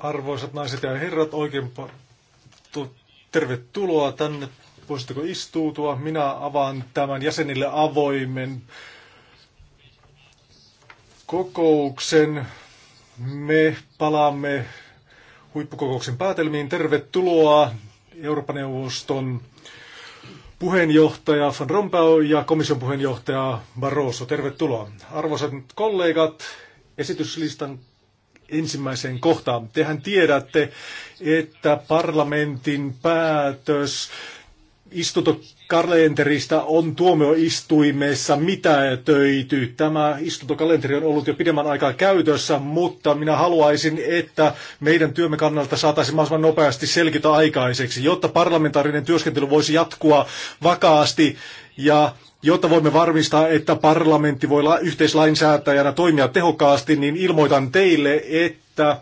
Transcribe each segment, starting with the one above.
Arvoisat naiset ja herrat, oikein tervetuloa tänne. Voisitteko istuutua? Minä avaan tämän jäsenille avoimen kokouksen. Me palaamme huippukokouksen päätelmiin. Tervetuloa Euroopan neuvoston puheenjohtaja Van Rompuy ja komission puheenjohtaja Barroso. Tervetuloa. Arvoisat kollegat, esityslistan ensimmäiseen kohtaan. Tehän tiedätte, että parlamentin päätös istuntokalenterista on tuomioistuimessa mitätöity. Tämä istuntokalenteri on ollut jo pidemmän aikaa käytössä, mutta minä haluaisin, että meidän työmme kannalta saataisiin mahdollisimman nopeasti selkitä aikaiseksi, jotta parlamentaarinen työskentely voisi jatkua vakaasti ja Jotta voimme varmistaa, että parlamentti voi yhteislainsäätäjänä toimia tehokkaasti, niin ilmoitan teille, että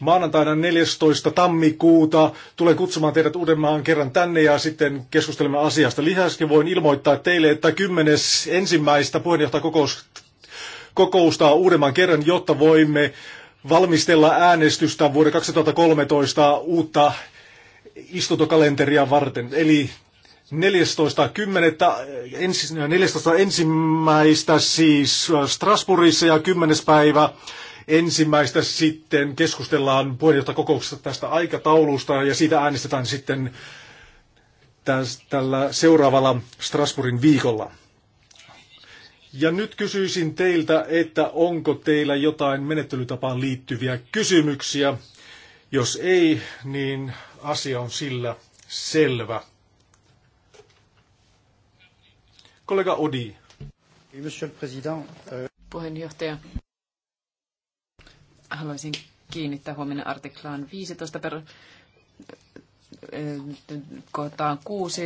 maanantaina 14. tammikuuta tulen kutsumaan teidät uudemmaan kerran tänne ja sitten keskustelemme asiasta. Lisäksi voin ilmoittaa teille, että 10. ensimmäistä puheenjohtajakokousta kokoustaa uudemman kerran, jotta voimme valmistella äänestystä vuoden 2013 uutta istuntokalenteria varten. Eli 14.10. 14. ensimmäistä siis äh, Strasbourgissa ja 10. päivä ensimmäistä sitten keskustellaan puheenjohtajakokouksesta tästä aikataulusta ja siitä äänestetään sitten tällä seuraavalla Strasbourgin viikolla. Ja nyt kysyisin teiltä, että onko teillä jotain menettelytapaan liittyviä kysymyksiä. Jos ei, niin asia on sillä selvä. Kollega Odi. Euh, Puheenjohtaja. Haluaisin kiinnittää huomenna artiklaan 15 per äh, kohtaan kuusi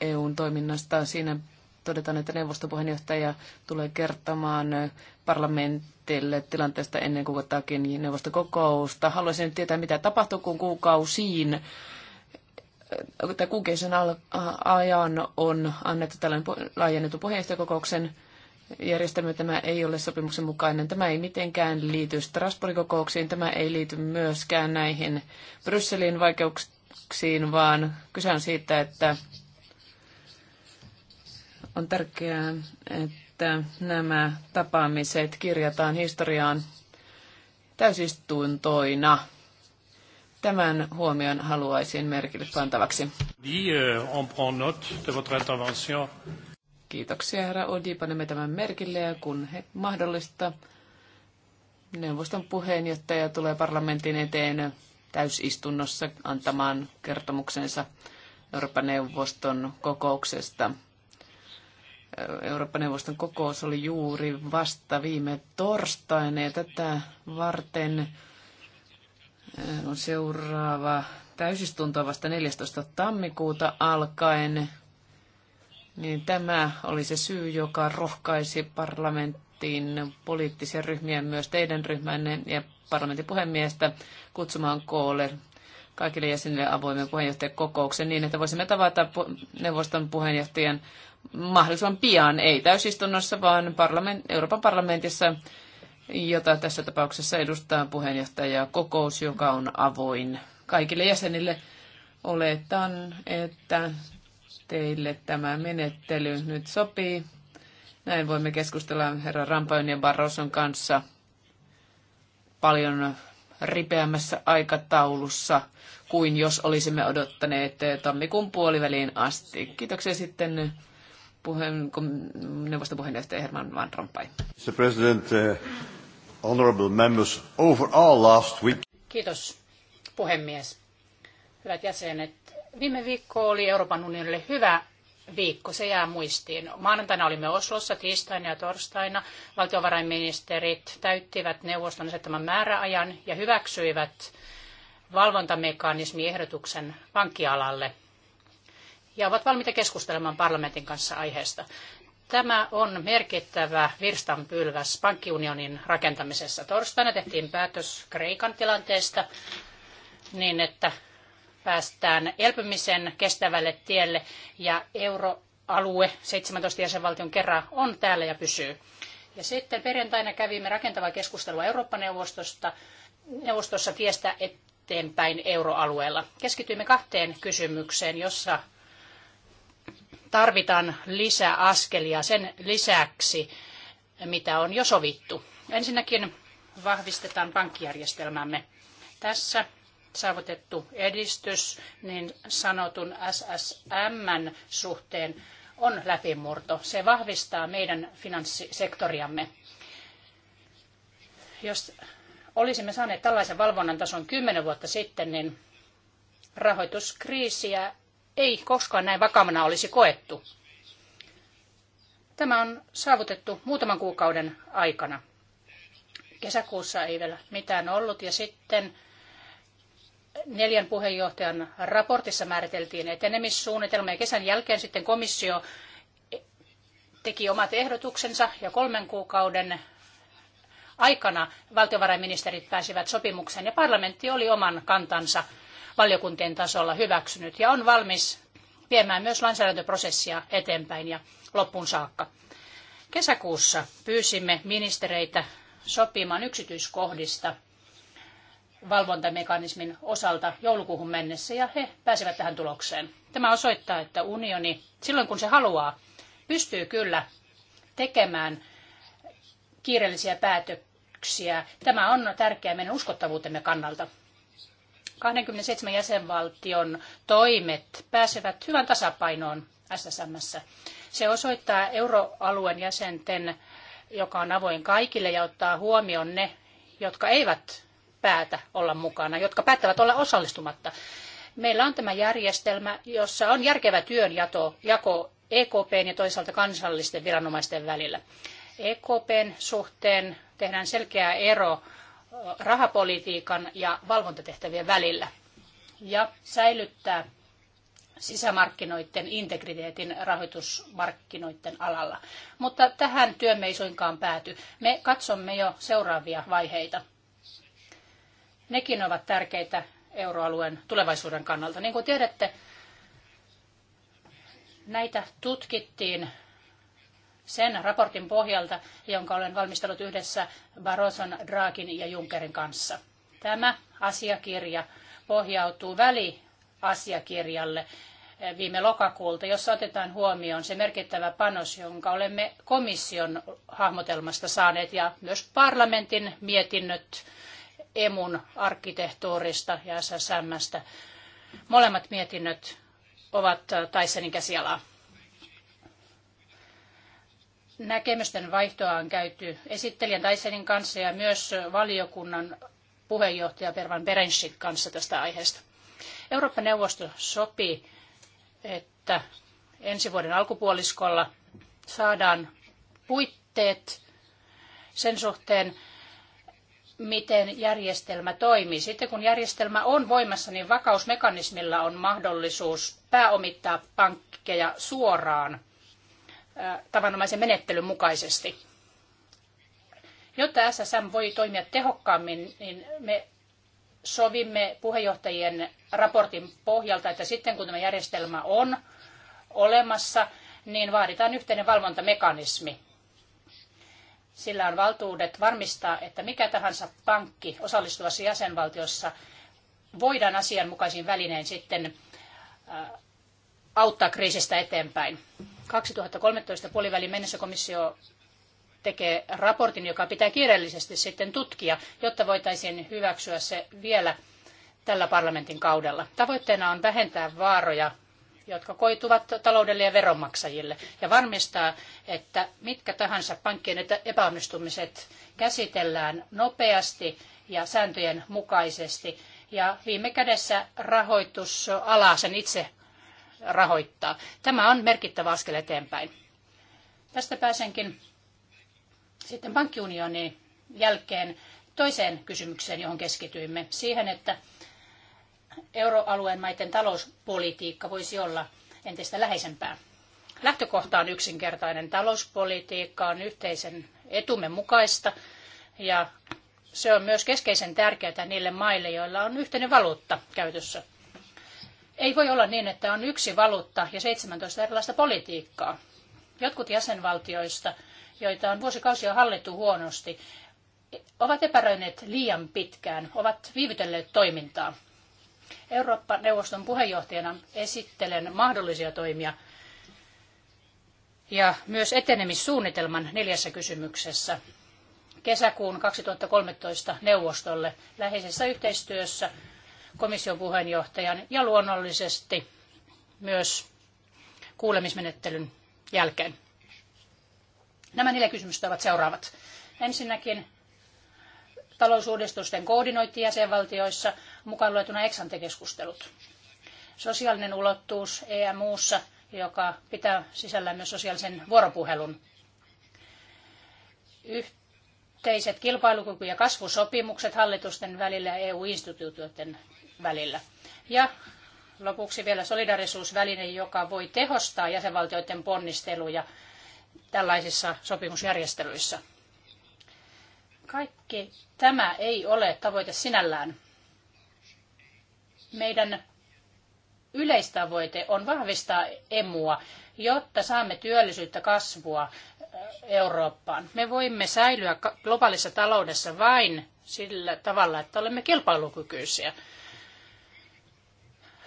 EUn toiminnasta. Siinä todetaan, että neuvostopuheenjohtaja tulee kertomaan parlamentille tilanteesta ennen kuukautakin neuvostokokousta. Haluaisin tietää, mitä tapahtuu, kun kuukausiin tai kuukausien ajan on annettu tällainen laajennettu puheenjohtajakokouksen järjestelmä. Tämä ei ole sopimuksen mukainen. Tämä ei mitenkään liity Strasbourgin kokouksiin. Tämä ei liity myöskään näihin Brysselin vaikeuksiin, vaan kyse on siitä, että on tärkeää, että nämä tapaamiset kirjataan historiaan täysistuntoina. Tämän huomion haluaisin merkille pantavaksi. Eh, Kiitoksia, herra Odi. Panemme tämän merkille ja kun he mahdollista, neuvoston puheenjohtaja tulee parlamentin eteen täysistunnossa antamaan kertomuksensa Euroopan neuvoston kokouksesta. Eh, Euroopan neuvoston kokous oli juuri vasta viime torstaina ja tätä varten Äh, on seuraava täysistunto vasta 14. tammikuuta alkaen. Niin tämä oli se syy, joka rohkaisi parlamenttiin poliittisia ryhmiä, myös teidän ryhmänne ja parlamentin puhemiestä kutsumaan koolle kaikille jäsenille avoimen puheenjohtajakokouksen niin, että voisimme tavata neuvoston puheenjohtajan mahdollisimman pian, ei täysistunnossa, vaan parlament, Euroopan parlamentissa jota tässä tapauksessa edustaa puheenjohtaja kokous, joka on avoin kaikille jäsenille. Oletan, että teille tämä menettely nyt sopii. Näin voimme keskustella herra Rampajon ja Barroson kanssa paljon ripeämmässä aikataulussa kuin jos olisimme odottaneet tammikuun puoliväliin asti. Kiitoksia sitten puheen, neuvostopuheenjohtaja Herman Van Rompuy. Mr. President, uh honorable members, last week. Kiitos, puhemies. Hyvät jäsenet, viime viikko oli Euroopan unionille hyvä viikko, se jää muistiin. Maanantaina olimme Oslossa, tiistaina ja torstaina. Valtiovarainministerit täyttivät neuvoston asettaman määräajan ja hyväksyivät valvontamekanismiehdotuksen pankkialalle ja ovat valmiita keskustelemaan parlamentin kanssa aiheesta. Tämä on merkittävä virstanpylväs pankkiunionin rakentamisessa. Torstaina tehtiin päätös Kreikan tilanteesta niin, että päästään elpymisen kestävälle tielle ja euroalue 17 jäsenvaltion kerran on täällä ja pysyy. Ja sitten perjantaina kävimme rakentavaa keskustelua Eurooppa-neuvostosta neuvostossa tiestä eteenpäin euroalueella. Keskityimme kahteen kysymykseen, jossa tarvitaan lisää askelia sen lisäksi, mitä on jo sovittu. Ensinnäkin vahvistetaan pankkijärjestelmämme. Tässä saavutettu edistys niin sanotun SSMn suhteen on läpimurto. Se vahvistaa meidän finanssisektoriamme. Jos olisimme saaneet tällaisen valvonnan tason kymmenen vuotta sitten, niin rahoituskriisiä ei koskaan näin vakavana olisi koettu. Tämä on saavutettu muutaman kuukauden aikana. Kesäkuussa ei vielä mitään ollut ja sitten neljän puheenjohtajan raportissa määriteltiin etenemissuunnitelma ja kesän jälkeen sitten komissio teki omat ehdotuksensa ja kolmen kuukauden aikana valtiovarainministerit pääsivät sopimukseen ja parlamentti oli oman kantansa valiokuntien tasolla hyväksynyt ja on valmis viemään myös lainsäädäntöprosessia eteenpäin ja loppuun saakka. Kesäkuussa pyysimme ministereitä sopimaan yksityiskohdista valvontamekanismin osalta joulukuuhun mennessä ja he pääsevät tähän tulokseen. Tämä osoittaa, että unioni silloin kun se haluaa, pystyy kyllä tekemään kiireellisiä päätöksiä. Tämä on tärkeää meidän uskottavuutemme kannalta. 27 jäsenvaltion toimet pääsevät hyvän tasapainoon SSMssä. Se osoittaa euroalueen jäsenten, joka on avoin kaikille ja ottaa huomioon ne, jotka eivät päätä olla mukana, jotka päättävät olla osallistumatta. Meillä on tämä järjestelmä, jossa on järkevä työnjako jako EKPn ja toisaalta kansallisten viranomaisten välillä. EKPn suhteen tehdään selkeä ero rahapolitiikan ja valvontatehtävien välillä ja säilyttää sisämarkkinoiden integriteetin rahoitusmarkkinoiden alalla. Mutta tähän työmme ei suinkaan pääty. Me katsomme jo seuraavia vaiheita. Nekin ovat tärkeitä euroalueen tulevaisuuden kannalta. Niin kuin tiedätte, näitä tutkittiin sen raportin pohjalta, jonka olen valmistellut yhdessä Barroson, Draakin ja Junckerin kanssa. Tämä asiakirja pohjautuu väliasiakirjalle eh, viime lokakuulta, jossa otetaan huomioon se merkittävä panos, jonka olemme komission hahmotelmasta saaneet ja myös parlamentin mietinnöt emun arkkitehtuurista ja SSMstä. Molemmat mietinnöt ovat eh, Taisenin käsialaa. Näkemysten vaihtoa on käyty esittelijän Taisenin kanssa ja myös valiokunnan puheenjohtaja Pervan Berensin kanssa tästä aiheesta. Eurooppa-neuvosto sopi, että ensi vuoden alkupuoliskolla saadaan puitteet sen suhteen, miten järjestelmä toimii. Sitten kun järjestelmä on voimassa, niin vakausmekanismilla on mahdollisuus pääomittaa pankkeja suoraan tavanomaisen menettelyn mukaisesti. Jotta SSM voi toimia tehokkaammin, niin me sovimme puheenjohtajien raportin pohjalta, että sitten kun tämä järjestelmä on olemassa, niin vaaditaan yhteinen valvontamekanismi. Sillä on valtuudet varmistaa, että mikä tahansa pankki osallistuvassa jäsenvaltiossa voidaan asianmukaisiin välineen sitten auttaa kriisistä eteenpäin. 2013 puolivälin mennessä komissio tekee raportin, joka pitää kiireellisesti sitten tutkia, jotta voitaisiin hyväksyä se vielä tällä parlamentin kaudella. Tavoitteena on vähentää vaaroja, jotka koituvat taloudelle ja veronmaksajille, ja varmistaa, että mitkä tahansa pankkien epäonnistumiset käsitellään nopeasti ja sääntöjen mukaisesti, ja viime kädessä rahoitusala sen itse rahoittaa. Tämä on merkittävä askel eteenpäin. Tästä pääsenkin sitten pankkiunionin jälkeen toiseen kysymykseen, johon keskityimme. Siihen, että euroalueen maiden talouspolitiikka voisi olla entistä läheisempää. Lähtökohta on yksinkertainen. Talouspolitiikka on yhteisen etumme mukaista ja se on myös keskeisen tärkeää niille maille, joilla on yhteinen valuutta käytössä. Ei voi olla niin, että on yksi valuutta ja 17 erilaista politiikkaa. Jotkut jäsenvaltioista, joita on vuosikausia hallittu huonosti, ovat epäröineet liian pitkään, ovat viivytelleet toimintaa. Eurooppa-neuvoston puheenjohtajana esittelen mahdollisia toimia ja myös etenemissuunnitelman neljässä kysymyksessä kesäkuun 2013 neuvostolle läheisessä yhteistyössä komission puheenjohtajan ja luonnollisesti myös kuulemismenettelyn jälkeen. Nämä neljä kysymystä ovat seuraavat. Ensinnäkin talousuudistusten koordinointi jäsenvaltioissa, mukaan luetuna eksantekeskustelut. Sosiaalinen ulottuus EMUssa, joka pitää sisällään myös sosiaalisen vuoropuhelun. Yhteiset kilpailukyky- ja kasvusopimukset hallitusten välillä ja EU-instituutioiden välillä. Ja lopuksi vielä solidarisuusväline, joka voi tehostaa jäsenvaltioiden ponnisteluja tällaisissa sopimusjärjestelyissä. Kaikki tämä ei ole tavoite sinällään. Meidän yleistavoite on vahvistaa emua, jotta saamme työllisyyttä kasvua Eurooppaan. Me voimme säilyä globaalissa taloudessa vain sillä tavalla, että olemme kilpailukykyisiä.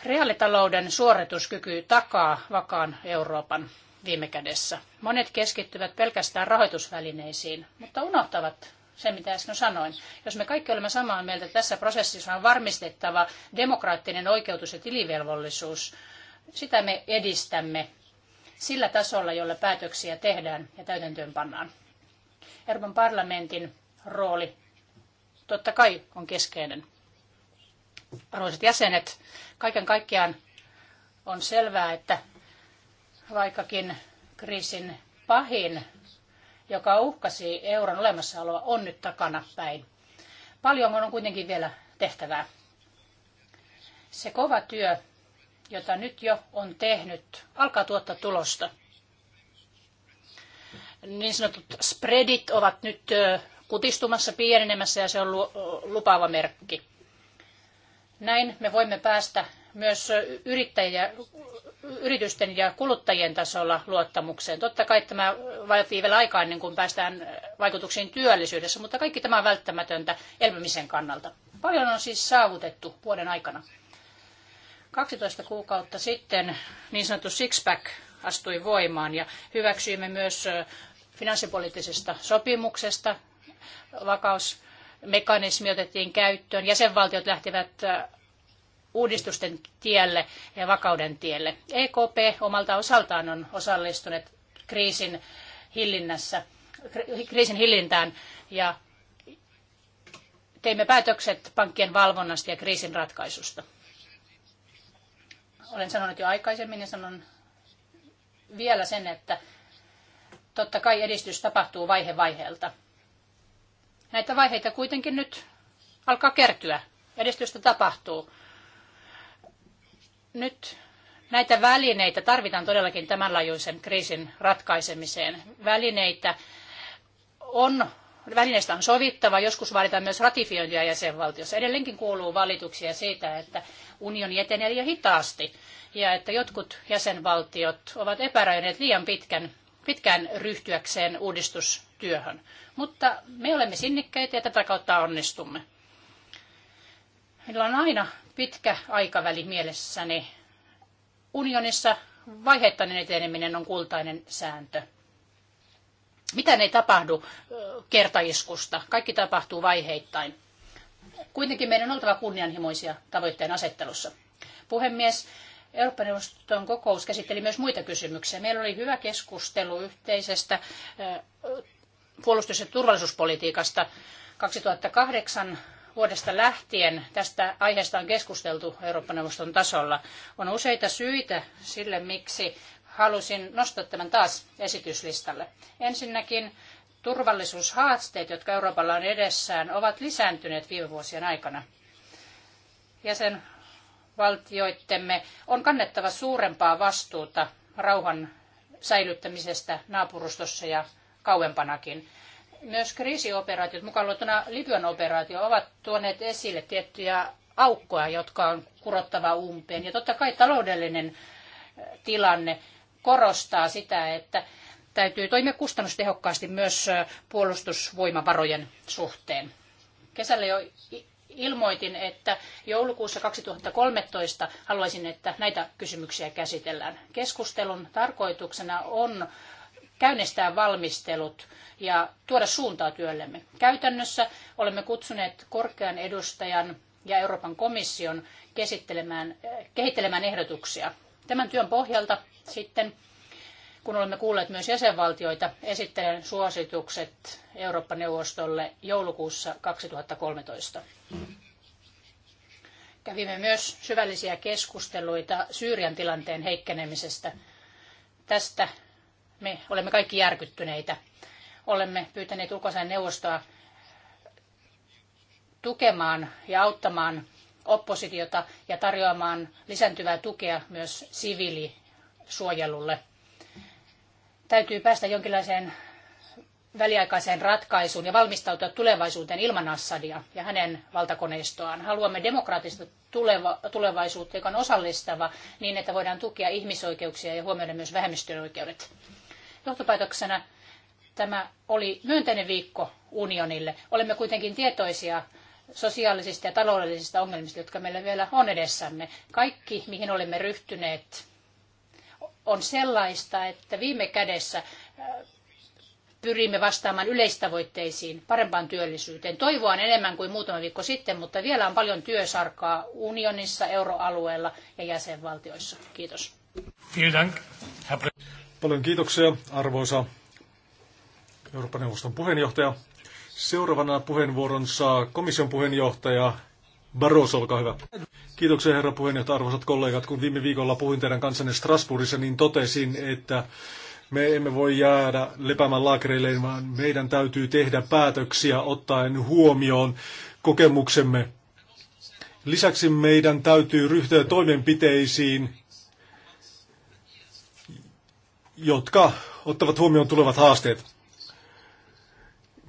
Reaalitalouden suorituskyky takaa vakaan Euroopan viime kädessä. Monet keskittyvät pelkästään rahoitusvälineisiin, mutta unohtavat sen, mitä äsken sanoin. Jos me kaikki olemme samaa mieltä, että tässä prosessissa on varmistettava demokraattinen oikeutus ja tilivelvollisuus, sitä me edistämme sillä tasolla, jolla päätöksiä tehdään ja täytäntöön pannaan. Euroopan parlamentin rooli totta kai on keskeinen arvoisat jäsenet, kaiken kaikkiaan on selvää, että vaikkakin kriisin pahin, joka uhkasi euron olemassaoloa, on nyt takana päin. Paljon on kuitenkin vielä tehtävää. Se kova työ, jota nyt jo on tehnyt, alkaa tuottaa tulosta. Niin sanotut spreadit ovat nyt kutistumassa, pienenemässä ja se on lupaava merkki. Näin me voimme päästä myös yritysten ja kuluttajien tasolla luottamukseen. Totta kai tämä vaatii vielä aikaa ennen kuin päästään vaikutuksiin työllisyydessä, mutta kaikki tämä on välttämätöntä elpymisen kannalta. Paljon on siis saavutettu vuoden aikana. 12 kuukautta sitten niin sanottu six-pack astui voimaan ja hyväksyimme myös finanssipoliittisesta sopimuksesta, vakaus- mekanismi otettiin käyttöön. Jäsenvaltiot lähtivät uudistusten tielle ja vakauden tielle. EKP omalta osaltaan on osallistunut kriisin hillinnässä, kriisin hillintään ja teimme päätökset pankkien valvonnasta ja kriisin ratkaisusta. Olen sanonut jo aikaisemmin ja sanon vielä sen, että totta kai edistys tapahtuu vaihe vaiheelta. Näitä vaiheita kuitenkin nyt alkaa kertyä. Edistystä tapahtuu. Nyt näitä välineitä tarvitaan todellakin tämän laajuisen kriisin ratkaisemiseen. Välineitä on, välineistä on sovittava, joskus vaaditaan myös ratifiointia jäsenvaltiossa. Edelleenkin kuuluu valituksia siitä, että unioni etenee liian hitaasti ja että jotkut jäsenvaltiot ovat epäröineet liian pitkän, pitkään ryhtyäkseen uudistus työhön. Mutta me olemme sinnikkäitä ja tätä kautta onnistumme. Meillä on aina pitkä aikaväli mielessäni. Unionissa vaiheittainen eteneminen on kultainen sääntö. Mitään ei tapahdu kertaiskusta. Kaikki tapahtuu vaiheittain. Kuitenkin meidän on oltava kunnianhimoisia tavoitteen asettelussa. Puhemies, Eurooppa-neuvoston kokous käsitteli myös muita kysymyksiä. Meillä oli hyvä keskustelu yhteisestä puolustus- ja turvallisuuspolitiikasta. 2008 vuodesta lähtien tästä aiheesta on keskusteltu Eurooppa-neuvoston tasolla. On useita syitä sille, miksi halusin nostaa tämän taas esityslistalle. Ensinnäkin turvallisuushaasteet, jotka Euroopalla on edessään, ovat lisääntyneet viime vuosien aikana. Jäsenvaltioittemme on kannettava suurempaa vastuuta rauhan säilyttämisestä naapurustossa ja kauempanakin. Myös kriisioperaatiot, mukaan luettuna Libyan operaatio, ovat tuoneet esille tiettyjä aukkoja, jotka on kurottava umpeen. Ja totta kai taloudellinen eh, tilanne korostaa sitä, että täytyy toimia kustannustehokkaasti myös eh, puolustusvoimavarojen suhteen. Kesällä jo ilmoitin, että joulukuussa 2013 haluaisin, että näitä kysymyksiä käsitellään. Keskustelun tarkoituksena on käynnistää valmistelut ja tuoda suuntaa työllemme. Käytännössä olemme kutsuneet korkean edustajan ja Euroopan komission kehittelemään ehdotuksia. Tämän työn pohjalta sitten, kun olemme kuulleet myös jäsenvaltioita, esittelen suositukset Eurooppa-neuvostolle joulukuussa 2013. Kävimme myös syvällisiä keskusteluita Syyrian tilanteen heikkenemisestä. Tästä me olemme kaikki järkyttyneitä. Olemme pyytäneet ulkoisen neuvostoa tukemaan ja auttamaan oppositiota ja tarjoamaan lisääntyvää tukea myös siviilisuojelulle. Täytyy päästä jonkinlaiseen väliaikaiseen ratkaisuun ja valmistautua tulevaisuuteen ilman Assadia ja hänen valtakoneistoaan. Haluamme demokraattista tuleva, tulevaisuutta, joka on osallistava niin, että voidaan tukea ihmisoikeuksia ja huomioida myös vähemmistöoikeudet. oikeudet. Johtopäätöksenä tämä oli myönteinen viikko unionille. Olemme kuitenkin tietoisia sosiaalisista ja taloudellisista ongelmista, jotka meillä vielä on edessämme. Kaikki, mihin olemme ryhtyneet, on sellaista, että viime kädessä äh, pyrimme vastaamaan yleistavoitteisiin, parempaan työllisyyteen. Toivoa on enemmän kuin muutama viikko sitten, mutta vielä on paljon työsarkaa unionissa, euroalueella ja jäsenvaltioissa. Kiitos. Vielen Paljon kiitoksia, arvoisa Euroopan neuvoston puheenjohtaja. Seuraavana puheenvuoron saa komission puheenjohtaja Barroso, olkaa hyvä. Kiitoksia herra puheenjohtaja, arvoisat kollegat. Kun viime viikolla puhuin teidän kanssanne Strasbourgissa, niin totesin, että me emme voi jäädä lepäämään laakereille, vaan meidän täytyy tehdä päätöksiä ottaen huomioon kokemuksemme. Lisäksi meidän täytyy ryhtyä toimenpiteisiin, jotka ottavat huomioon tulevat haasteet.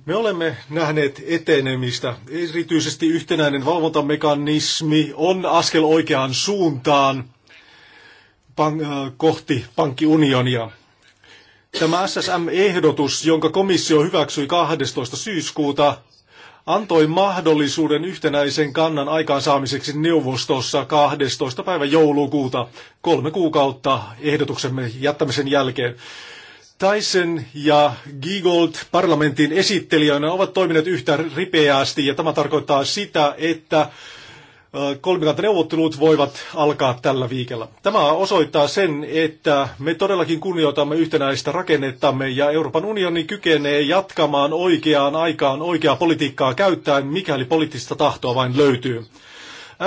Me olemme nähneet etenemistä. Erityisesti yhtenäinen valvontamekanismi on askel oikeaan suuntaan äh, kohti pankkiunionia. Tämä SSM-ehdotus, jonka komissio hyväksyi 12. syyskuuta, antoi mahdollisuuden yhtenäisen kannan aikaansaamiseksi neuvostossa 12. päivä joulukuuta kolme kuukautta ehdotuksemme jättämisen jälkeen. Tyson ja Giegold parlamentin esittelijöinä ovat toimineet yhtä ripeästi ja tämä tarkoittaa sitä, että kolmikantaneuvottelut voivat alkaa tällä viikolla. Tämä osoittaa sen, että me todellakin kunnioitamme yhtenäistä rakennettamme ja Euroopan unioni kykenee jatkamaan oikeaan aikaan oikeaa politiikkaa käyttäen, mikäli poliittista tahtoa vain löytyy.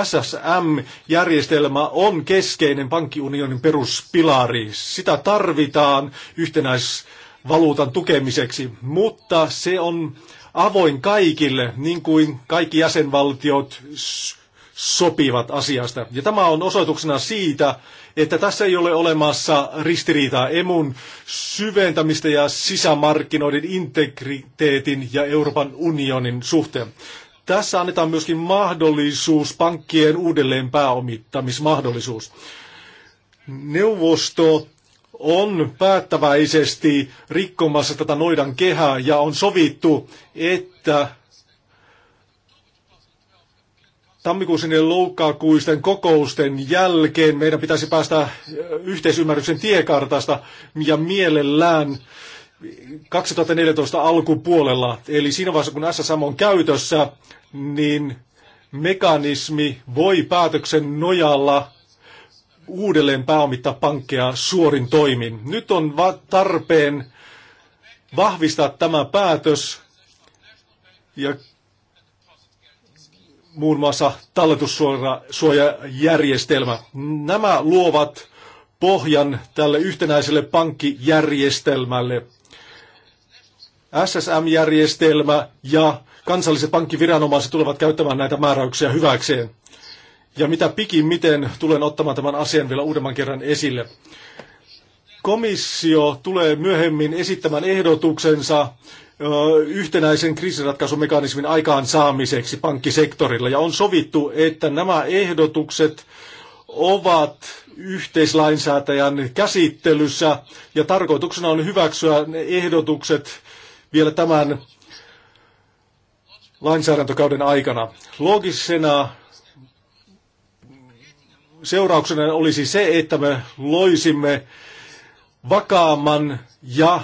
SSM-järjestelmä on keskeinen pankkiunionin peruspilari. Sitä tarvitaan yhtenäisvaluutan tukemiseksi, mutta se on avoin kaikille, niin kuin kaikki jäsenvaltiot sopivat asiasta. Ja tämä on osoituksena siitä, että tässä ei ole olemassa ristiriitaa emun syventämistä ja sisämarkkinoiden integriteetin ja Euroopan unionin suhteen. Tässä annetaan myöskin mahdollisuus pankkien uudelleen pääomittamismahdollisuus. Neuvosto on päättäväisesti rikkomassa tätä noidan kehää ja on sovittu, että tammikuisen ja loukkakuisten kokousten jälkeen meidän pitäisi päästä yhteisymmärryksen tiekartasta ja mielellään 2014 alkupuolella. Eli siinä vaiheessa, kun SSM on käytössä, niin mekanismi voi päätöksen nojalla uudelleen pääomittaa pankkeja suorin toimin. Nyt on tarpeen vahvistaa tämä päätös ja muun muassa talletussuojajärjestelmä. Nämä luovat pohjan tälle yhtenäiselle pankkijärjestelmälle. SSM-järjestelmä ja kansalliset pankkiviranomaiset tulevat käyttämään näitä määräyksiä hyväkseen. Ja mitä pikin miten tulen ottamaan tämän asian vielä uudemman kerran esille. Komissio tulee myöhemmin esittämään ehdotuksensa yhtenäisen kriisiratkaisumekanismin aikaansaamiseksi pankkisektorilla. Ja on sovittu, että nämä ehdotukset ovat yhteislainsäätäjän käsittelyssä ja tarkoituksena on hyväksyä ne ehdotukset vielä tämän lainsäädäntökauden aikana. Logisena seurauksena olisi se, että me loisimme vakaamman ja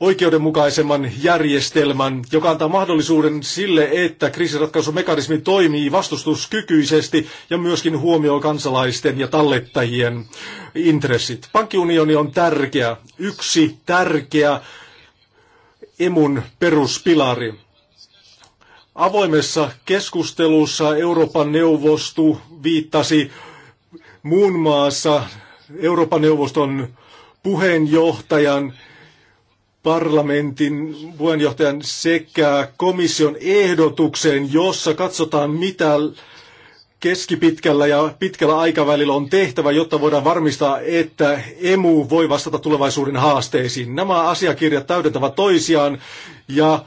oikeudenmukaisemman järjestelmän, joka antaa mahdollisuuden sille, että kriisiratkaisumekanismi toimii vastustuskykyisesti ja myöskin huomioi kansalaisten ja tallettajien intressit. Pankkiunioni on tärkeä, yksi tärkeä emun peruspilari. Avoimessa keskustelussa Euroopan neuvosto viittasi muun maassa Euroopan neuvoston puheenjohtajan, parlamentin puheenjohtajan sekä komission ehdotukseen, jossa katsotaan mitä keskipitkällä ja pitkällä aikavälillä on tehtävä, jotta voidaan varmistaa, että emu voi vastata tulevaisuuden haasteisiin. Nämä asiakirjat täydentävät toisiaan ja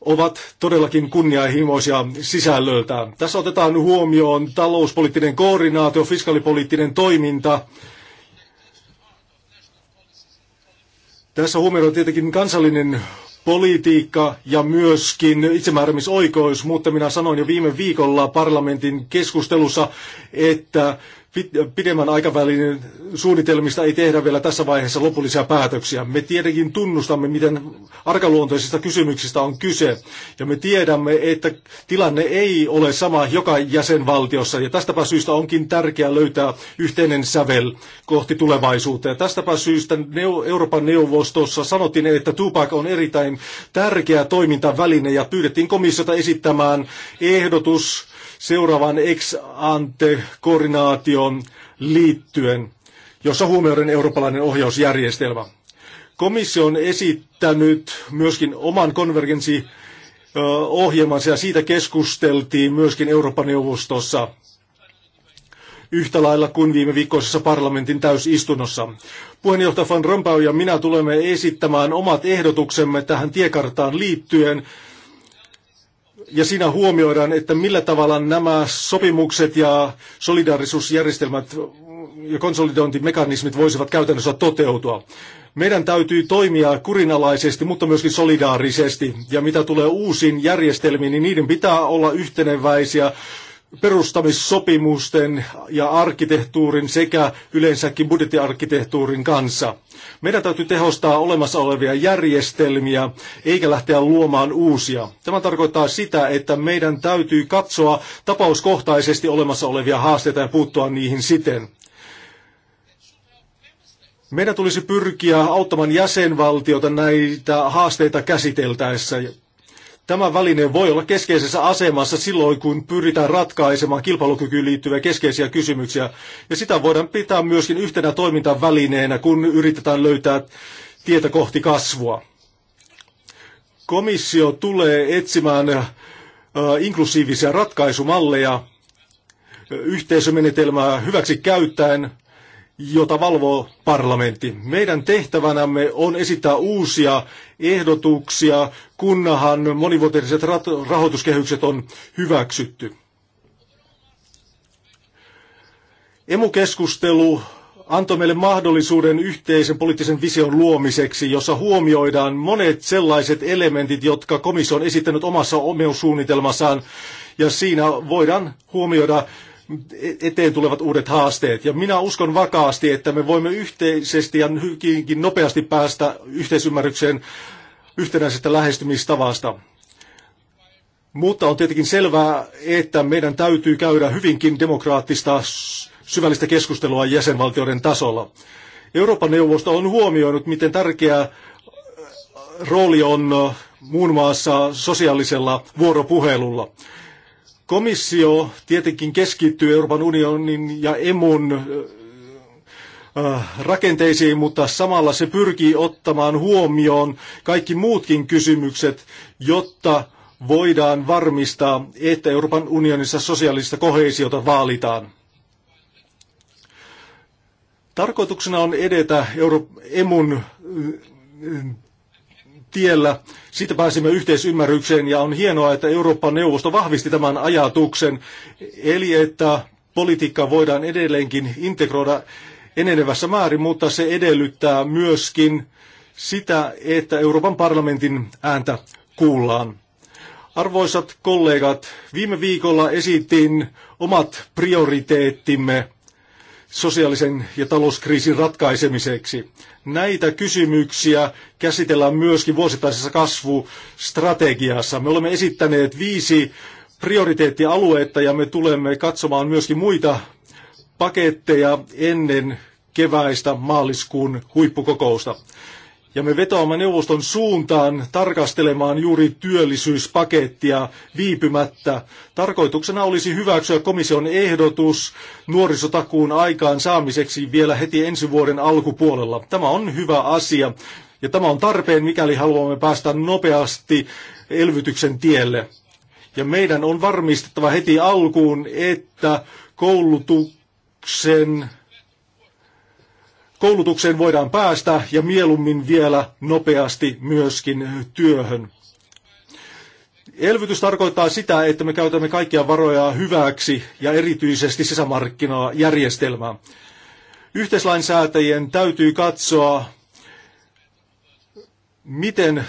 ovat todellakin kunnianhimoisia sisällöltään. Tässä otetaan huomioon talouspoliittinen koordinaatio, fiskalipoliittinen toiminta, Tässä huomioidaan tietenkin kansallinen politiikka ja myöskin itsemääräämisoikeus, mutta minä sanoin jo viime viikolla parlamentin keskustelussa, että pidemmän aikavälin suunnitelmista ei tehdä vielä tässä vaiheessa lopullisia päätöksiä. Me tietenkin tunnustamme, miten arkaluontoisista kysymyksistä on kyse, ja me tiedämme, että tilanne ei ole sama joka jäsenvaltiossa, ja tästäpä syystä onkin tärkeää löytää yhteinen sävel kohti tulevaisuutta. Ja tästäpä syystä Euroopan neuvostossa sanottiin, että Tupac on erittäin tärkeä toimintaväline, ja pyydettiin komissiota esittämään ehdotus seuraavan ex ante koordinaation liittyen, jossa huomioiden eurooppalainen ohjausjärjestelmä. Komissio on esittänyt myöskin oman konvergenssi ohjelmansa ja siitä keskusteltiin myöskin Euroopan neuvostossa yhtä lailla kuin viime viikkoisessa parlamentin täysistunnossa. Puheenjohtaja Van Rompuy ja minä tulemme esittämään omat ehdotuksemme tähän tiekarttaan liittyen ja siinä huomioidaan, että millä tavalla nämä sopimukset ja solidaarisuusjärjestelmät ja konsolidointimekanismit voisivat käytännössä toteutua. Meidän täytyy toimia kurinalaisesti, mutta myöskin solidaarisesti. Ja mitä tulee uusiin järjestelmiin, niin niiden pitää olla yhteneväisiä perustamissopimusten ja arkkitehtuurin sekä yleensäkin budjettiarkkitehtuurin kanssa. Meidän täytyy tehostaa olemassa olevia järjestelmiä eikä lähteä luomaan uusia. Tämä tarkoittaa sitä, että meidän täytyy katsoa tapauskohtaisesti olemassa olevia haasteita ja puuttua niihin siten. Meidän tulisi pyrkiä auttamaan jäsenvaltiota näitä haasteita käsiteltäessä Tämä väline voi olla keskeisessä asemassa silloin, kun pyritään ratkaisemaan kilpailukykyyn liittyviä keskeisiä kysymyksiä. Ja sitä voidaan pitää myöskin yhtenä toimintavälineenä, kun yritetään löytää tietä kohti kasvua. Komissio tulee etsimään inklusiivisia ratkaisumalleja yhteisömenetelmää hyväksi käyttäen – jota valvoo parlamentti. Meidän tehtävänämme on esittää uusia ehdotuksia, kunnahan monivuotiset rahoituskehykset on hyväksytty. Emukeskustelu antoi meille mahdollisuuden yhteisen poliittisen vision luomiseksi, jossa huomioidaan monet sellaiset elementit, jotka komissio on esittänyt omassa omeussuunnitelmassaan, ja siinä voidaan huomioida eteen tulevat uudet haasteet. Ja minä uskon vakaasti, että me voimme yhteisesti ja hyvinkin nopeasti päästä yhteisymmärrykseen yhtenäisestä lähestymistavasta. Mutta on tietenkin selvää, että meidän täytyy käydä hyvinkin demokraattista syvällistä keskustelua jäsenvaltioiden tasolla. Euroopan neuvosto on huomioinut, miten tärkeä rooli on muun muassa sosiaalisella vuoropuhelulla. Komissio tietenkin keskittyy Euroopan unionin ja emun rakenteisiin, mutta samalla se pyrkii ottamaan huomioon kaikki muutkin kysymykset, jotta voidaan varmistaa, että Euroopan unionissa sosiaalista kohesiota vaalitaan. Tarkoituksena on edetä Euro- emun tiellä. Siitä pääsimme yhteisymmärrykseen ja on hienoa, että Euroopan neuvosto vahvisti tämän ajatuksen, eli että politiikka voidaan edelleenkin integroida enenevässä määrin, mutta se edellyttää myöskin sitä, että Euroopan parlamentin ääntä kuullaan. Arvoisat kollegat, viime viikolla esitin omat prioriteettimme sosiaalisen ja talouskriisin ratkaisemiseksi. Näitä kysymyksiä käsitellään myöskin vuosittaisessa kasvustrategiassa. Me olemme esittäneet viisi prioriteettialuetta ja me tulemme katsomaan myöskin muita paketteja ennen keväistä maaliskuun huippukokousta. Ja me vetoamme neuvoston suuntaan tarkastelemaan juuri työllisyyspakettia viipymättä. Tarkoituksena olisi hyväksyä komission ehdotus nuorisotakuun aikaan saamiseksi vielä heti ensi vuoden alkupuolella. Tämä on hyvä asia ja tämä on tarpeen, mikäli haluamme päästä nopeasti elvytyksen tielle. Ja meidän on varmistettava heti alkuun, että koulutuksen koulutukseen voidaan päästä ja mieluummin vielä nopeasti myöskin työhön. Elvytys tarkoittaa sitä, että me käytämme kaikkia varoja hyväksi ja erityisesti järjestelmää. Yhteislainsäätäjien täytyy katsoa, miten äh,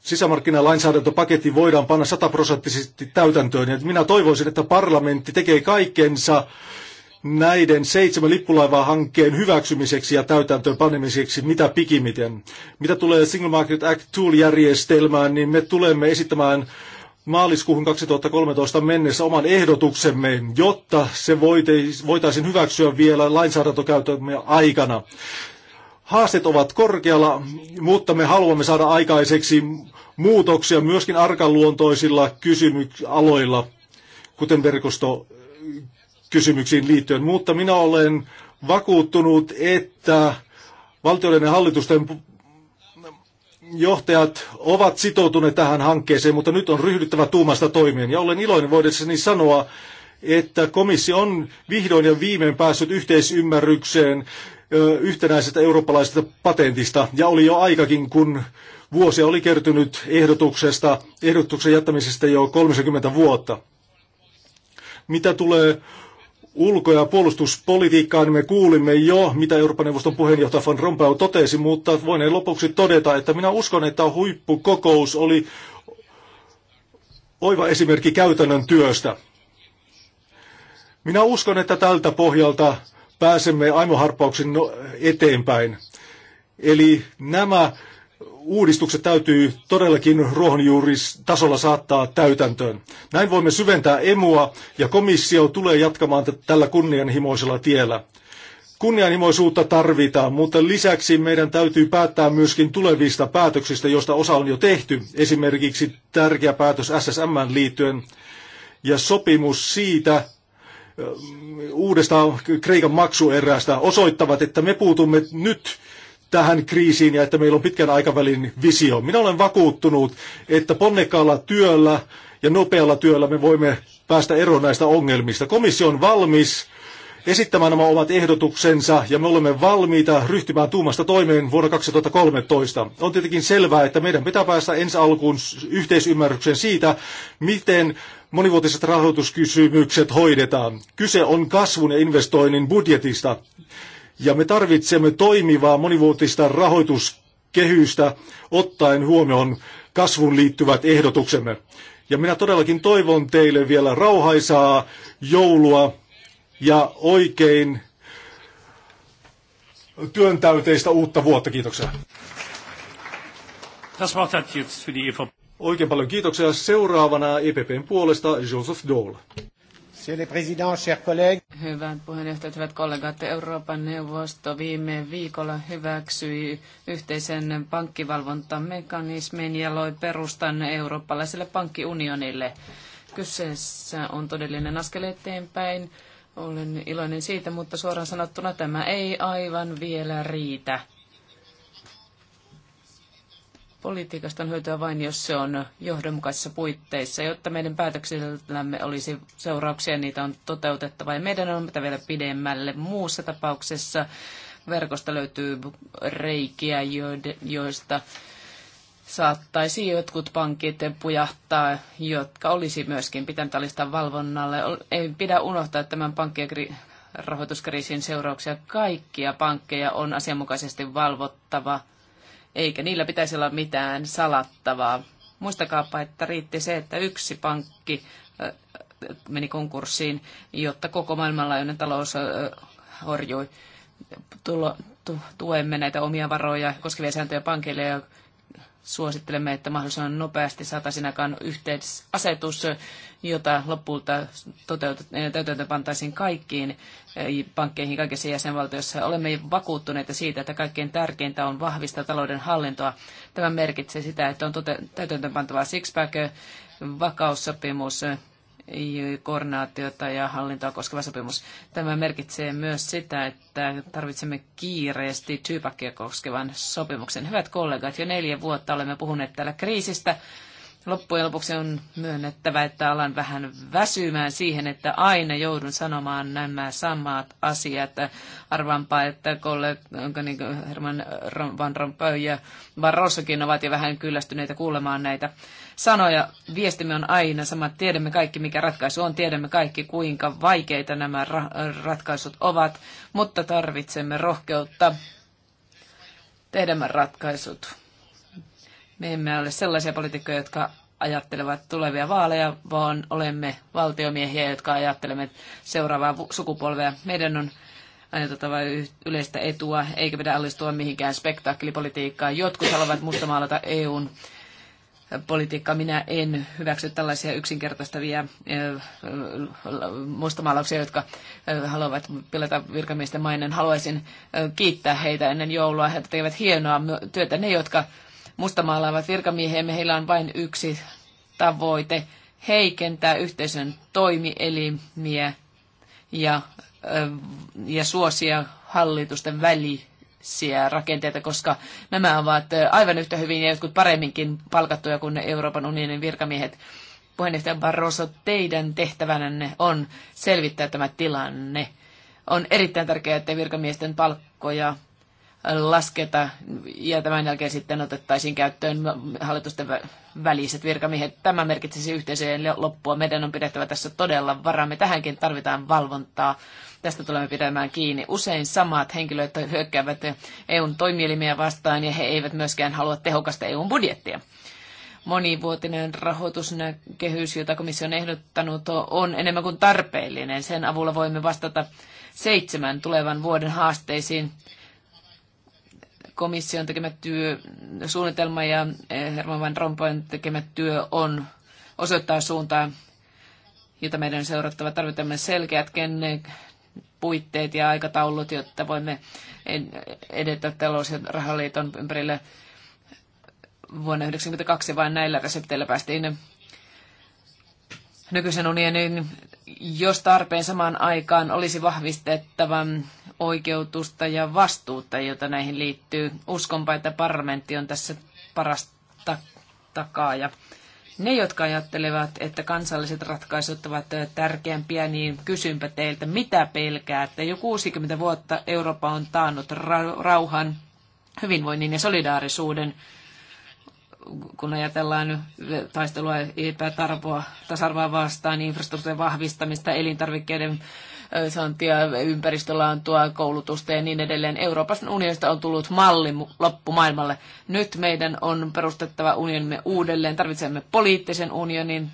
sisämarkkinalainsäädäntöpaketti voidaan panna sataprosenttisesti täytäntöön. Ja minä toivoisin, että parlamentti tekee kaikkensa, näiden seitsemän lippulaivahankkeen hyväksymiseksi ja täytäntöön panemiseksi mitä pikimiten. Mitä tulee Single Market Act Tool-järjestelmään, niin me tulemme esittämään maaliskuuhun 2013 mennessä oman ehdotuksemme, jotta se voitaisiin hyväksyä vielä lainsäädäntökäytämme aikana. Haasteet ovat korkealla, mutta me haluamme saada aikaiseksi muutoksia myöskin arkaluontoisilla kysymyksillä, kuten verkosto kysymyksiin liittyen, mutta minä olen vakuuttunut, että valtioiden ja hallitusten johtajat ovat sitoutuneet tähän hankkeeseen, mutta nyt on ryhdyttävä tuumasta toimien. Ja olen iloinen voidessani sanoa, että komissio on vihdoin ja viimein päässyt yhteisymmärrykseen yhtenäisestä eurooppalaisesta patentista. Ja oli jo aikakin, kun vuosia oli kertynyt ehdotuksesta, ehdotuksen jättämisestä jo 30 vuotta. Mitä tulee Ulko- ja puolustuspolitiikkaa niin me kuulimme jo, mitä Euroopan neuvoston puheenjohtaja Van Rompuy totesi, mutta voin lopuksi todeta, että minä uskon, että huippukokous oli oiva esimerkki käytännön työstä. Minä uskon, että tältä pohjalta pääsemme aimoharppauksin no- eteenpäin. Eli nämä uudistukset täytyy todellakin ruohonjuuritasolla saattaa täytäntöön. Näin voimme syventää emua ja komissio tulee jatkamaan tällä kunnianhimoisella tiellä. Kunnianhimoisuutta tarvitaan, mutta lisäksi meidän täytyy päättää myöskin tulevista päätöksistä, joista osa on jo tehty, esimerkiksi tärkeä päätös SSM liittyen ja sopimus siitä, uudesta Kreikan maksuerästä osoittavat, että me puutumme nyt tähän kriisiin ja että meillä on pitkän aikavälin visio. Minä olen vakuuttunut, että ponnekalla työllä ja nopealla työllä me voimme päästä eroon näistä ongelmista. Komissio on valmis esittämään nämä omat ehdotuksensa ja me olemme valmiita ryhtymään tuumasta toimeen vuonna 2013. On tietenkin selvää, että meidän pitää päästä ensi alkuun yhteisymmärrykseen siitä, miten monivuotiset rahoituskysymykset hoidetaan. Kyse on kasvun ja investoinnin budjetista. Ja me tarvitsemme toimivaa monivuotista rahoituskehystä ottaen huomioon kasvun liittyvät ehdotuksemme. Ja minä todellakin toivon teille vielä rauhaisaa joulua ja oikein työntäyteistä uutta vuotta. Kiitoksia. E oikein paljon kiitoksia. Seuraavana EPPn puolesta Joseph Dole. Monsieur le Président, chers collègues. Hyvät puheenjohtajat, hyvät kollegat, Euroopan neuvosto viime viikolla hyväksyi yhteisen pankkivalvontamekanismin ja loi perustan eurooppalaiselle pankkiunionille. Kyseessä on todellinen askel eteenpäin. Olen iloinen siitä, mutta suoraan sanottuna tämä ei aivan vielä riitä Politiikasta on hyötyä vain, jos se on johdonmukaisissa puitteissa. Jotta meidän päätöksillämme olisi seurauksia, niitä on toteutettava. Ja meidän on mitä vielä pidemmälle. Muussa tapauksessa verkosta löytyy reikiä, joista saattaisi jotkut pankit pujahtaa, jotka olisi myöskin pitänyt alistaa valvonnalle. Ei pidä unohtaa tämän pankkien rahoituskriisin seurauksia. Kaikkia pankkeja on asianmukaisesti valvottava – eikä niillä pitäisi olla mitään salattavaa. Muistakaapa, että riitti se, että yksi pankki meni konkurssiin, jotta koko maailmanlaajuinen talous horjui. Tulo, tuemme näitä omia varoja koskevia sääntöjä pankille ja suosittelemme, että mahdollisimman nopeasti saataisiin aikaan yhteisasetus, jota lopulta eh, täytäntöönpantaisiin kaikkiin eh, pankkeihin kaikissa jäsenvaltioissa. Olemme vakuuttuneita siitä, että kaikkein tärkeintä on vahvistaa talouden hallintoa. Tämä merkitsee sitä, että on six-pack, vakaussopimus, koordinaatiota ja hallintoa koskeva sopimus. Tämä merkitsee myös sitä, että tarvitsemme kiireesti tyypakkia koskevan sopimuksen. Hyvät kollegat, jo neljä vuotta olemme puhuneet täällä kriisistä. Loppujen lopuksi on myönnettävä, että alan vähän väsymään siihen, että aina joudun sanomaan nämä samat asiat. Arvaanpa, että kollega niin Herman Van Rompuy ja Barrosokin ovat jo vähän kyllästyneitä kuulemaan näitä sanoja. Viestimme on aina sama. Tiedämme kaikki, mikä ratkaisu on. Tiedämme kaikki, kuinka vaikeita nämä ra- ratkaisut ovat, mutta tarvitsemme rohkeutta tehdä ratkaisut. Me emme ole sellaisia poliitikkoja, jotka ajattelevat tulevia vaaleja, vaan olemme valtiomiehiä, jotka ajattelemme seuraavaa sukupolvea. Meidän on ajateltava yleistä etua, eikä pidä allistua mihinkään spektaakkelipolitiikkaan. Jotkut haluavat mustamaalata EUn politiikkaa. Minä en hyväksy tällaisia yksinkertaistavia eh, mustamaalauksia, jotka eh, haluavat pilata virkamiesten mainen. Haluaisin eh, kiittää heitä ennen joulua. He tekevät hienoa työtä. Ne, jotka mustamaalaavat virkamiehemme, heillä on vain yksi tavoite heikentää yhteisön toimielimiä ja, ja suosia hallitusten väli, rakenteita, koska nämä ovat aivan yhtä hyvin ja jotkut paremminkin palkattuja kuin Euroopan unionin virkamiehet. Puheenjohtaja Barroso, teidän tehtävänänne on selvittää tämä tilanne. On erittäin tärkeää, että virkamiesten palkkoja lasketa ja tämän jälkeen sitten otettaisiin käyttöön hallitusten väliset virkamiehet. Tämä merkitsisi yhteiseen loppua. Meidän on pidettävä tässä todella varamme. Tähänkin tarvitaan valvontaa Tästä tulemme pitämään kiinni. Usein samat henkilöt hyökkäävät EUn toimielimiä vastaan ja he eivät myöskään halua tehokasta EUn budjettia monivuotinen rahoituskehys, jota komissio on ehdottanut, on enemmän kuin tarpeellinen. Sen avulla voimme vastata seitsemän tulevan vuoden haasteisiin. Komission tekemä työ, suunnitelma ja eh, Herman Van Rompuyn tekemä työ on osoittaa suuntaa, jota meidän on seurattava. Tarvitsemme selkeät puitteet ja aikataulut, jotta voimme edetä talous- ja rahaliiton ympärille vuonna 1992, vain näillä resepteillä päästiin nykyisen unionin, jos tarpeen samaan aikaan olisi vahvistettava oikeutusta ja vastuutta, jota näihin liittyy. Uskonpa, että parlamentti on tässä parasta takaa ne, jotka ajattelevat, että kansalliset ratkaisut ovat tärkeämpiä, niin kysynpä teiltä, mitä että Jo 60 vuotta Eurooppa on taannut rauhan, hyvinvoinnin ja solidaarisuuden kun ajatellaan taistelua epätarvoa, tasa-arvoa vastaan, infrastruktuurin vahvistamista, elintarvikkeiden saantia, ympäristölaantua, koulutusta ja niin edelleen. Euroopan unionista on tullut malli loppumaailmalle. Nyt meidän on perustettava unionimme uudelleen. Tarvitsemme poliittisen unionin.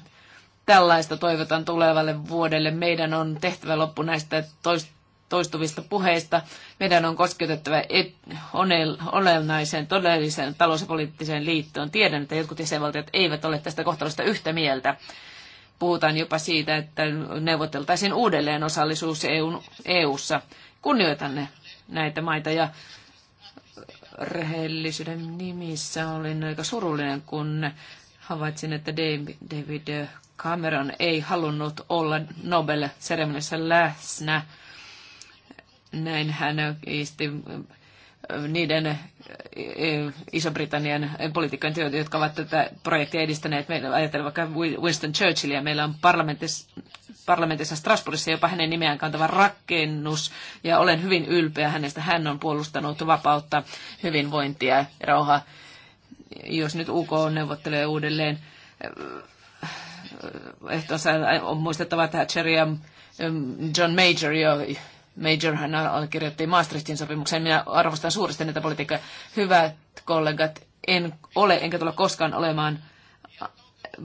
Tällaista toivotan tulevalle vuodelle. Meidän on tehtävä loppu näistä toistuvista puheista. Meidän on kosketettava et, olennaiseen todelliseen talous- ja poliittiseen liittoon. Tiedän, että jotkut jäsenvaltiot eivät ole tästä kohtalosta yhtä mieltä puhutaan jopa siitä, että neuvoteltaisiin uudelleen osallisuus EUn, EUssa. Kunnioitan näitä maita ja rehellisyyden nimissä olin aika surullinen, kun havaitsin, että David Cameron ei halunnut olla Nobel-seremoniassa läsnä. Näin hän kiisti niiden eh, eh, Iso-Britannian poliitikkojen työtä, jotka ovat tätä projektia edistäneet. Meillä ajatellaan vaikka Winston Churchillia. Meillä on parlamentissa, parlamentissa Strasbourgissa jopa hänen nimeään kantava rakennus, ja olen hyvin ylpeä hänestä. Hän on puolustanut vapautta, hyvinvointia ja rauhaa. Jos nyt UK neuvottelee uudelleen eh, ehtonsa on muistettava Thatcher ja mm, John Major, Major hän allekirjoitti Maastrichtin sopimuksen. Minä arvostan suuresti näitä politiikkaa. Hyvät kollegat, en ole enkä tule koskaan olemaan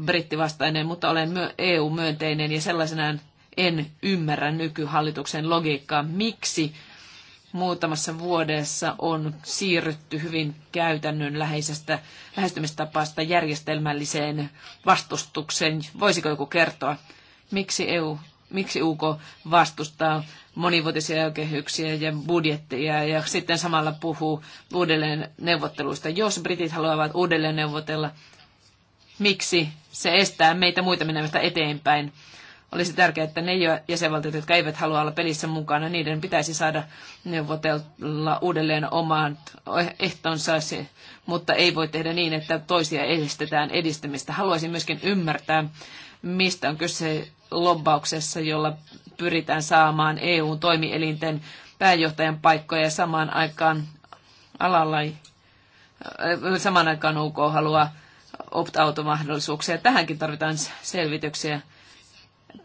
brittivastainen, mutta olen EU-myönteinen ja sellaisenaan en ymmärrä nykyhallituksen logiikkaa. Miksi muutamassa vuodessa on siirrytty hyvin käytännön läheisestä lähestymistapaasta järjestelmälliseen vastustukseen? Voisiko joku kertoa, miksi EU, miksi UK vastustaa monivuotisia kehyksiä ja budjettia ja sitten samalla puhuu uudelleen neuvotteluista. Jos britit haluavat uudelleen neuvotella, miksi se estää meitä muita menemästä eteenpäin? Olisi tärkeää, että ne jäsenvaltiot, jotka eivät halua olla pelissä mukana, niiden pitäisi saada neuvotella uudelleen omaan ehtonsa, mutta ei voi tehdä niin, että toisia edistetään edistämistä. Haluaisin myöskin ymmärtää, mistä on kyse lobbauksessa, jolla pyritään saamaan EU-toimielinten pääjohtajan paikkoja samaan aikaan alalla, äh, samaan aikaan UK haluaa opt-out-mahdollisuuksia. Tähänkin tarvitaan selvityksiä.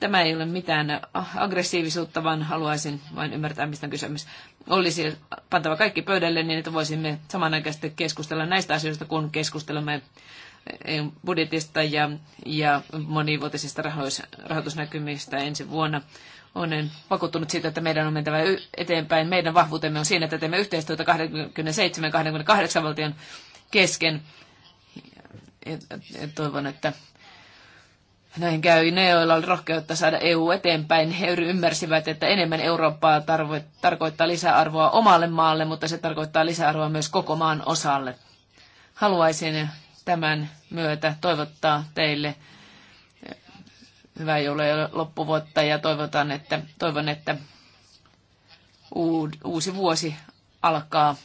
Tämä ei ole mitään aggressiivisuutta, vaan haluaisin vain ymmärtää, mistä on kysymys. Olisi pantava kaikki pöydälle niin, että voisimme samanaikaisesti keskustella näistä asioista, kun keskustelemme budjetista ja, ja monivuotisista rahoitusnäkymistä ensi vuonna olen vakuuttunut siitä, että meidän on mentävä eteenpäin. Meidän vahvuutemme on siinä, että teemme yhteistyötä 27-28 valtion kesken. Ja toivon, että näin käy. Ne, joilla oli rohkeutta saada EU eteenpäin, he ymmärsivät, että enemmän Eurooppaa tarvo- tarkoittaa lisäarvoa omalle maalle, mutta se tarkoittaa lisäarvoa myös koko maan osalle. Haluaisin tämän myötä toivottaa teille hyvää joulua ja loppuvuotta ja toivotan, että, toivon, että uusi vuosi alkaa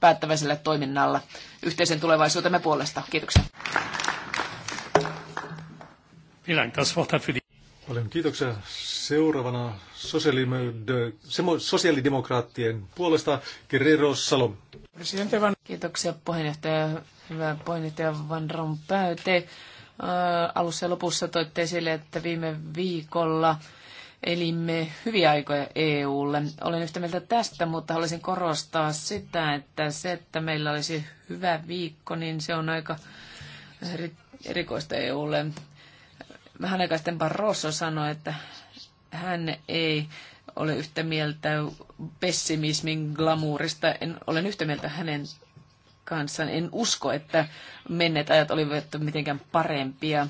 päättäväisellä toiminnalla yhteisen tulevaisuutemme puolesta. Kiitoksia. Paljon kiitoksia. Seuraavana sosiaalidemokraattien puolesta Guerrero Salom. Kiitoksia puheenjohtaja. Hyvä puheenjohtaja Van Rompuy. Äh, alussa ja lopussa toitte esille, että viime viikolla elimme hyviä aikoja EUlle. Olen yhtä mieltä tästä, mutta haluaisin korostaa sitä, että se, että meillä olisi hyvä viikko, niin se on aika erikoista EUlle. Vähän aikaa sitten Barroso sanoi, että hän ei ole yhtä mieltä pessimismin glamuurista. En, olen yhtä mieltä hänen kanssa. En usko, että menneet ajat olivat mitenkään parempia.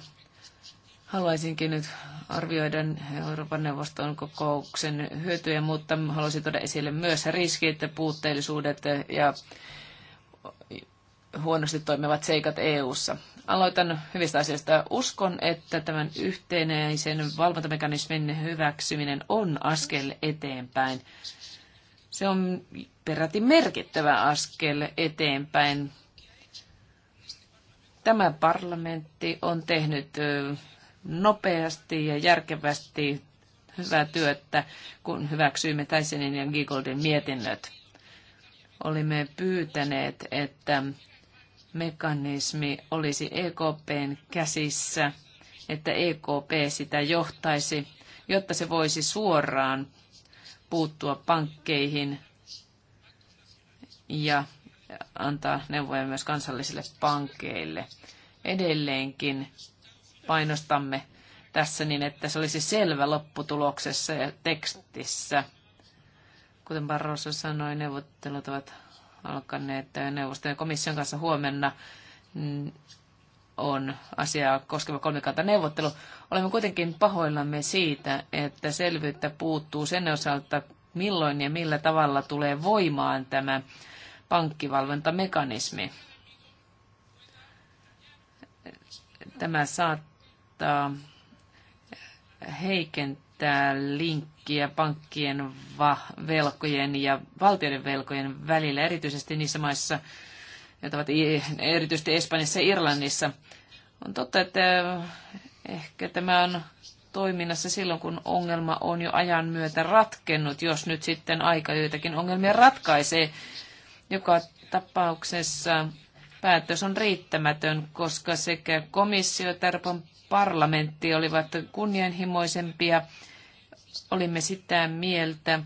Haluaisinkin nyt arvioida Euroopan neuvoston kokouksen hyötyjä, mutta haluaisin tuoda esille myös riskit, puutteellisuudet ja huonosti toimivat seikat EU:ssa. Aloitan hyvistä asioista. Uskon, että tämän yhtenäisen valvontamekanismin hyväksyminen on askel eteenpäin. Se on peräti merkittävä askel eteenpäin. Tämä parlamentti on tehnyt nopeasti ja järkevästi hyvää työtä, kun hyväksyimme Tysonin ja Giegoldin mietinnöt. Olimme pyytäneet, että mekanismi olisi EKPn käsissä, että EKP sitä johtaisi, jotta se voisi suoraan puuttua pankkeihin ja antaa neuvoja myös kansallisille pankeille. Edelleenkin painostamme tässä niin, että se olisi selvä lopputuloksessa ja tekstissä. Kuten Barroso sanoi, neuvottelut ovat alkaneet neuvoston ja komission kanssa huomenna on asiaa koskeva kolmikanta neuvottelu. Olemme kuitenkin pahoillamme siitä, että selvyyttä puuttuu sen osalta, milloin ja millä tavalla tulee voimaan tämä pankkivalvontamekanismi. Tämä saattaa heikentää linkkiä pankkien velkojen ja valtioiden velkojen välillä, erityisesti niissä maissa, jotka ovat erityisesti Espanjassa ja Irlannissa – on totta, että ehkä tämä on toiminnassa silloin, kun ongelma on jo ajan myötä ratkennut, jos nyt sitten aika joitakin ongelmia ratkaisee. Joka tapauksessa päätös on riittämätön, koska sekä komissio että Euroopan parlamentti olivat kunnianhimoisempia. Olimme sitä mieltä,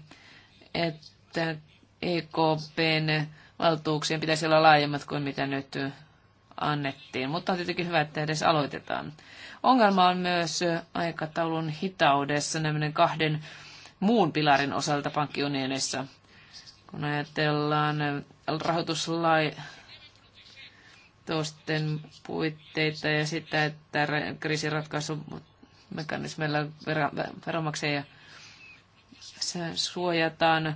että EKPn valtuuksien pitäisi olla laajemmat kuin mitä nyt annettiin, mutta on tietenkin hyvä, että edes aloitetaan. Ongelma on myös aikataulun hitaudessa nämmöinen kahden muun pilarin osalta pankkiunionissa. Kun ajatellaan rahoituslaitosten toisten puitteita ja sitä, että kriisiratkaisumekanismeilla veronmaksajia suojataan.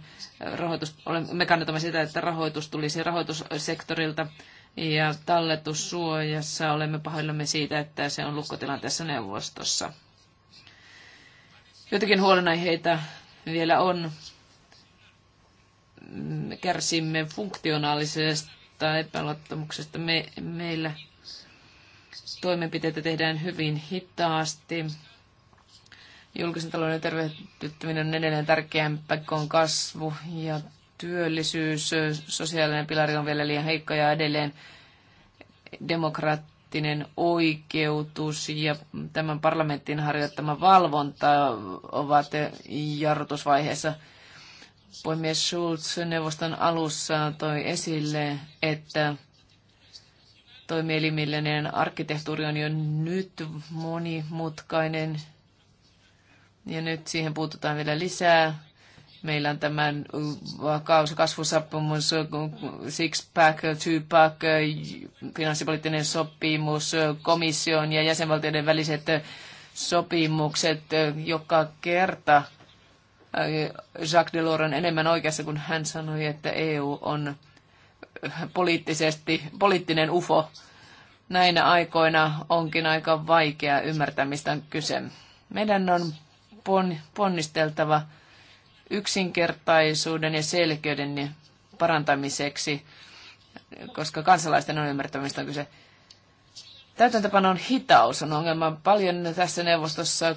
Rahoitus, olemme kannatamme sitä, että rahoitus tulisi rahoitussektorilta ja talletussuojassa olemme pahoillamme siitä, että se on lukkotilanteessa neuvostossa. Jotakin huolenaiheita vielä on. Kärsimme funktionaalisesta epäluottamuksesta. Me, meillä toimenpiteitä tehdään hyvin hitaasti. Julkisen talouden tervehdyttäminen on edelleen tärkeämpää kuin kasvu ja työllisyys, sosiaalinen pilari on vielä liian heikko ja edelleen demokraattinen oikeutus ja tämän parlamentin harjoittama valvonta ovat jarrutusvaiheessa. Puhemies Schulz neuvoston alussa toi esille, että toimielimillinen arkkitehtuuri on jo nyt monimutkainen ja nyt siihen puututaan vielä lisää Meillä on tämän vakaus- kasvusopimus, six-pack, two-pack, finanssipoliittinen sopimus, komission ja jäsenvaltioiden väliset sopimukset joka kerta. Äh, Jacques Delors on enemmän oikeassa, kun hän sanoi, että EU on äh, poliittisesti, poliittinen ufo. Näinä aikoina onkin aika vaikea ymmärtää, mistä on kyse. Meidän on ponnisteltava yksinkertaisuuden ja selkeyden parantamiseksi, koska kansalaisten on ymmärtämistä on kyse. Täytäntöpanon hitaus on ongelma. Paljon tässä neuvostossa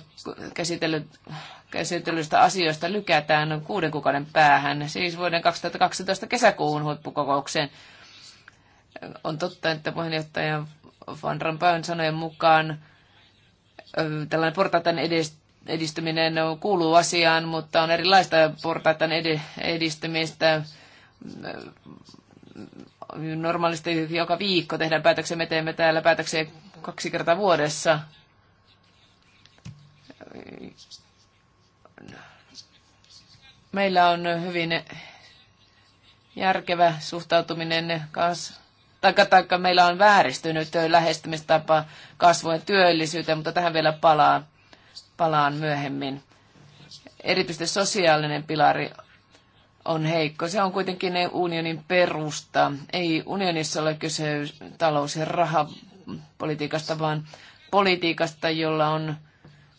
käsitellyistä asioista lykätään kuuden kuukauden päähän, siis vuoden 2012 kesäkuun huippukokoukseen. On totta, että puheenjohtaja Van Rompuyn sanojen mukaan tällainen portaiden edes edistyminen kuuluu asiaan, mutta on erilaista portaiden edistymistä. Normaalisti joka viikko tehdään päätöksiä, me teemme täällä päätöksiä kaksi kertaa vuodessa. Meillä on hyvin järkevä suhtautuminen kas, taikka, taikka meillä on vääristynyt lähestymistapa kasvua ja työllisyyteen, mutta tähän vielä palaa palaan myöhemmin. Erityisesti sosiaalinen pilari on heikko. Se on kuitenkin unionin perusta. Ei unionissa ole kyse talous- ja rahapolitiikasta, vaan politiikasta, jolla on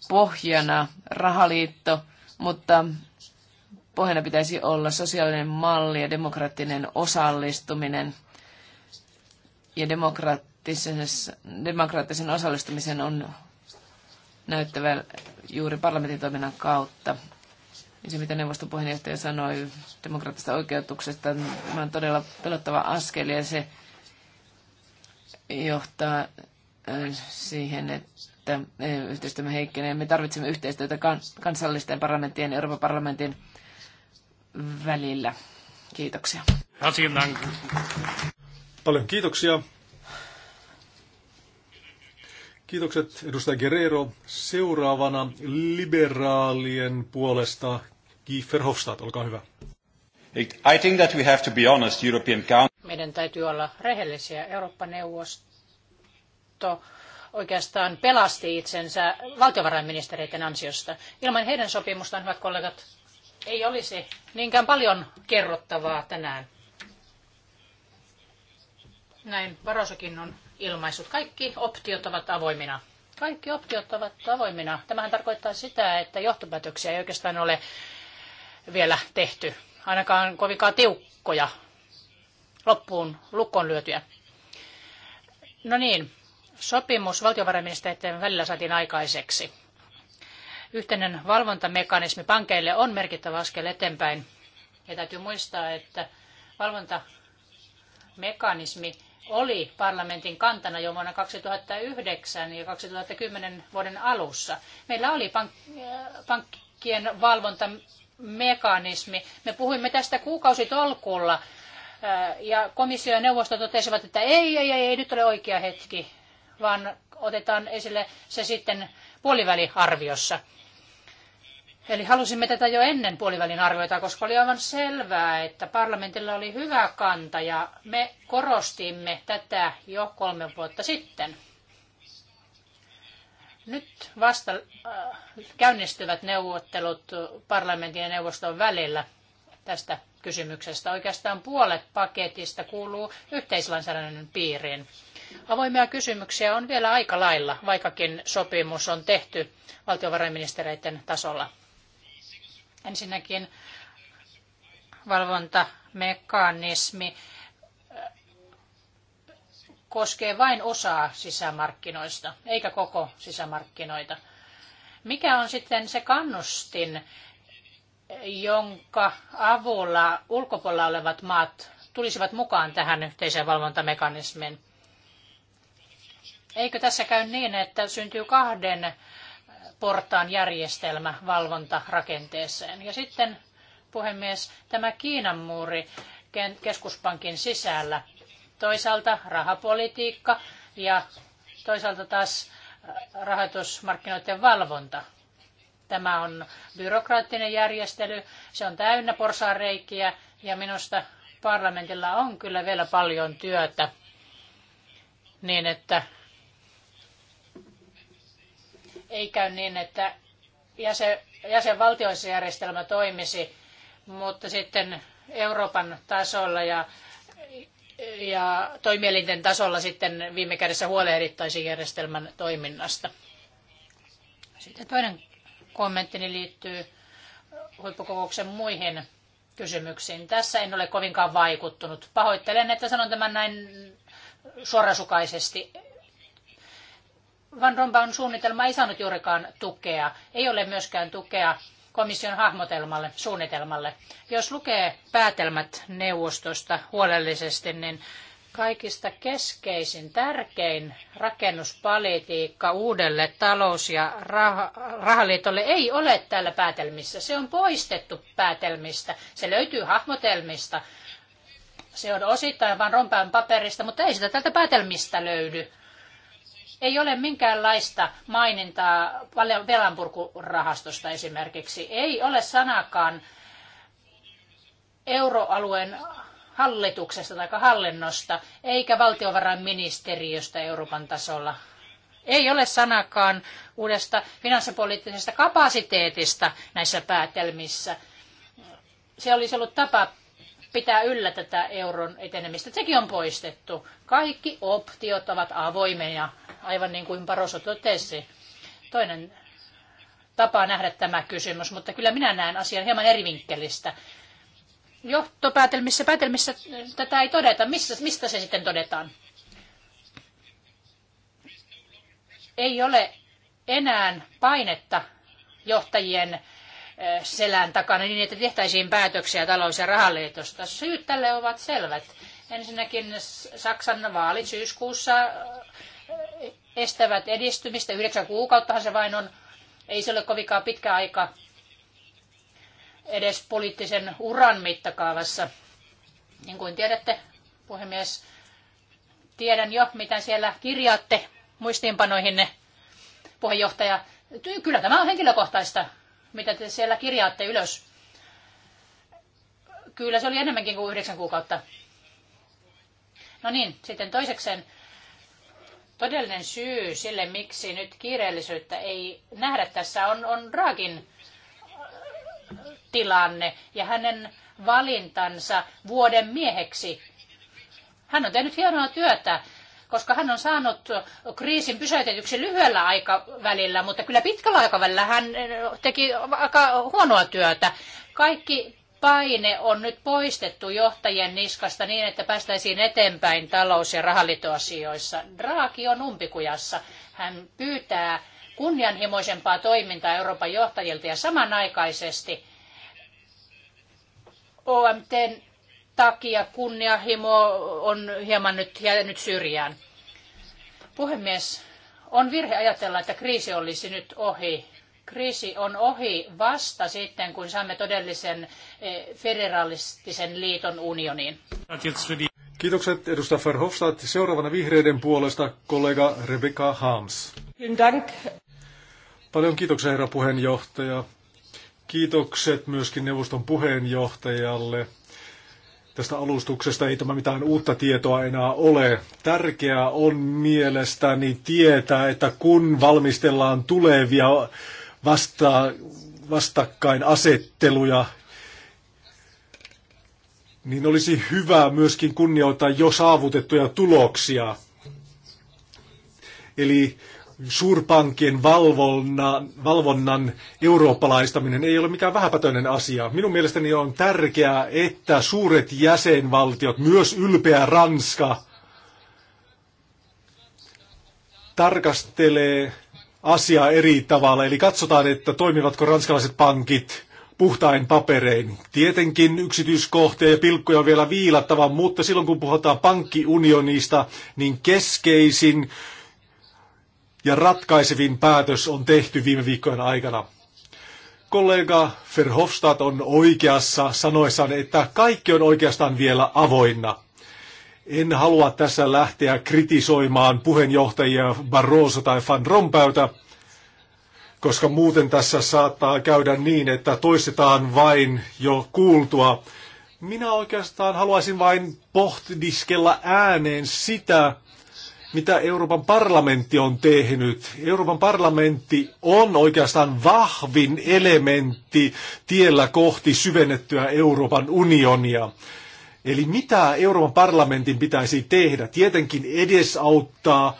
pohjana rahaliitto, mutta pohjana pitäisi olla sosiaalinen malli ja demokraattinen osallistuminen. Ja demokraattisen osallistumisen on näyttävä juuri parlamentin toiminnan kautta. Ja se, mitä neuvoston puheenjohtaja sanoi demokraattisesta oikeutuksesta, tämä on todella pelottava askel ja se johtaa äh, siihen, että äh, yhteistyömme heikkenee. Me tarvitsemme yhteistyötä kansallisten parlamenttien ja Euroopan parlamentin välillä. Kiitoksia. Paljon kiitoksia. Kiitokset edustaja Guerrero. Seuraavana liberaalien puolesta Guy Verhofstadt, olkaa hyvä. I think that we have to be honest, European Council. Meidän täytyy olla rehellisiä. Eurooppa-neuvosto oikeastaan pelasti itsensä valtiovarainministereiden ansiosta. Ilman heidän sopimustaan, hyvät kollegat, ei olisi niinkään paljon kerrottavaa tänään. Näin Varosakin on ilmaisut. Kaikki optiot ovat avoimina. Kaikki optiot ovat avoimina. Tämähän tarkoittaa sitä, että johtopäätöksiä ei oikeastaan ole vielä tehty. Ainakaan kovinkaan tiukkoja, loppuun lukkoon lyötyjä. No niin, sopimus valtiovarainministeriön välillä saatiin aikaiseksi. Yhteinen valvontamekanismi pankeille on merkittävä askel eteenpäin. Ja täytyy muistaa, että valvontamekanismi oli parlamentin kantana jo vuonna 2009 ja 2010 vuoden alussa. Meillä oli pank- äh, pankkien valvontamekanismi. Me puhuimme tästä kuukausitolkulla äh, ja komissio ja neuvosto totesivat, että ei, ei, ei, ei nyt ole oikea hetki, vaan otetaan esille se sitten puoliväliarviossa. Eli halusimme tätä jo ennen puolivälin arvioita, koska oli aivan selvää, että parlamentilla oli hyvä kanta ja me korostimme tätä jo kolme vuotta sitten. Nyt vasta äh, käynnistyvät neuvottelut parlamentin ja neuvoston välillä tästä kysymyksestä. Oikeastaan puolet paketista kuuluu yhteislainsäädännön piiriin. Avoimia kysymyksiä on vielä aika lailla, vaikkakin sopimus on tehty valtiovarainministereiden tasolla. Ensinnäkin valvontamekanismi äh, koskee vain osaa sisämarkkinoista, eikä koko sisämarkkinoita. Mikä on sitten se kannustin, jonka avulla ulkopuolella olevat maat tulisivat mukaan tähän yhteiseen valvontamekanismiin? Eikö tässä käy niin, että syntyy kahden portaan järjestelmä valvontarakenteeseen. Ja sitten, puhemies, tämä Kiinan muuri keskuspankin sisällä. Toisaalta rahapolitiikka ja toisaalta taas äh, rahoitusmarkkinoiden valvonta. Tämä on byrokraattinen järjestely, se on täynnä porsaanreikiä ja minusta parlamentilla on kyllä vielä paljon työtä niin, että ei käy niin, että jäsen, jäsenvaltioissa järjestelmä toimisi, mutta sitten Euroopan tasolla ja, ja toimielinten tasolla sitten viime kädessä huolehdittaisiin järjestelmän toiminnasta. Sitten toinen kommenttini liittyy huippukokouksen muihin kysymyksiin. Tässä en ole kovinkaan vaikuttunut. Pahoittelen, että sanon tämän näin suorasukaisesti. Van Rompuyn suunnitelma ei saanut juurikaan tukea. Ei ole myöskään tukea komission hahmotelmalle, suunnitelmalle. Jos lukee päätelmät neuvostosta huolellisesti, niin kaikista keskeisin, tärkein rakennuspolitiikka uudelle talous- ja rah- rahaliitolle ei ole täällä päätelmissä. Se on poistettu päätelmistä. Se löytyy hahmotelmista. Se on osittain vain rompään paperista, mutta ei sitä tältä päätelmistä löydy ei ole minkäänlaista mainintaa velanpurkurahastosta esimerkiksi. Ei ole sanakaan euroalueen hallituksesta tai hallinnosta, eikä valtiovarainministeriöstä Euroopan tasolla. Ei ole sanakaan uudesta finanssipoliittisesta kapasiteetista näissä päätelmissä. Se olisi ollut tapa pitää yllä tätä euron etenemistä. Sekin on poistettu. Kaikki optiot ovat avoimia, aivan niin kuin Paroso totesi. Toinen tapa nähdä tämä kysymys, mutta kyllä minä näen asian hieman eri vinkkelistä. Johtopäätelmissä, päätelmissä tätä ei todeta. Mistä, mistä se sitten todetaan? Ei ole enää painetta johtajien selän takana niin, että tehtäisiin päätöksiä talous- ja rahaliitosta. Syyt tälle ovat selvät. Ensinnäkin Saksan vaalit syyskuussa eh, estävät edistymistä. Yhdeksän kuukauttahan se vain on. Ei se ole kovinkaan pitkä aika edes poliittisen uran mittakaavassa. Niin kuin tiedätte, puhemies, tiedän jo, mitä siellä kirjaatte muistiinpanoihinne, puheenjohtaja. Kyllä tämä on henkilökohtaista mitä te siellä kirjaatte ylös. Kyllä se oli enemmänkin kuin yhdeksän kuukautta. No niin, sitten toisekseen todellinen syy sille, miksi nyt kiireellisyyttä ei nähdä tässä, on, on Draakin äh, tilanne ja hänen valintansa vuoden mieheksi. Hän on tehnyt hienoa työtä koska hän on saanut kriisin pysäytetyksi lyhyellä aikavälillä, mutta kyllä pitkällä aikavälillä hän teki aika huonoa työtä. Kaikki paine on nyt poistettu johtajien niskasta niin, että päästäisiin eteenpäin talous- ja rahaliittoasioissa. Draaki on umpikujassa. Hän pyytää kunnianhimoisempaa toimintaa Euroopan johtajilta ja samanaikaisesti OMTn takia kunnianhimo on hieman nyt jäänyt syrjään. Puhemies, on virhe ajatella, että kriisi olisi nyt ohi. Kriisi on ohi vasta sitten, kun saamme todellisen eh, federalistisen liiton unioniin. Kiitokset edustaja Verhofstadt. Seuraavana vihreiden puolesta kollega Rebecca Harms. Paljon kiitoksia herra puheenjohtaja. Kiitokset myöskin neuvoston puheenjohtajalle tästä alustuksesta ei tämä mitään uutta tietoa enää ole. Tärkeää on mielestäni tietää, että kun valmistellaan tulevia vasta, vastakkainasetteluja, niin olisi hyvä myöskin kunnioittaa jo saavutettuja tuloksia. Eli suurpankkien valvonnan, valvonnan eurooppalaistaminen ei ole mikään vähäpätöinen asia. Minun mielestäni on tärkeää, että suuret jäsenvaltiot, myös ylpeä Ranska, tarkastelee asiaa eri tavalla. Eli katsotaan, että toimivatko ranskalaiset pankit puhtain paperein. Tietenkin yksityiskohtia ja pilkkuja on vielä viilattava, mutta silloin kun puhutaan pankkiunionista, niin keskeisin ja ratkaisevin päätös on tehty viime viikkojen aikana. Kollega Verhofstadt on oikeassa sanoessaan, että kaikki on oikeastaan vielä avoinna. En halua tässä lähteä kritisoimaan puheenjohtajia Barroso tai Van Rompäytä, koska muuten tässä saattaa käydä niin, että toistetaan vain jo kuultua. Minä oikeastaan haluaisin vain pohtiskella ääneen sitä, mitä Euroopan parlamentti on tehnyt. Euroopan parlamentti on oikeastaan vahvin elementti tiellä kohti syvennettyä Euroopan unionia. Eli mitä Euroopan parlamentin pitäisi tehdä? Tietenkin edesauttaa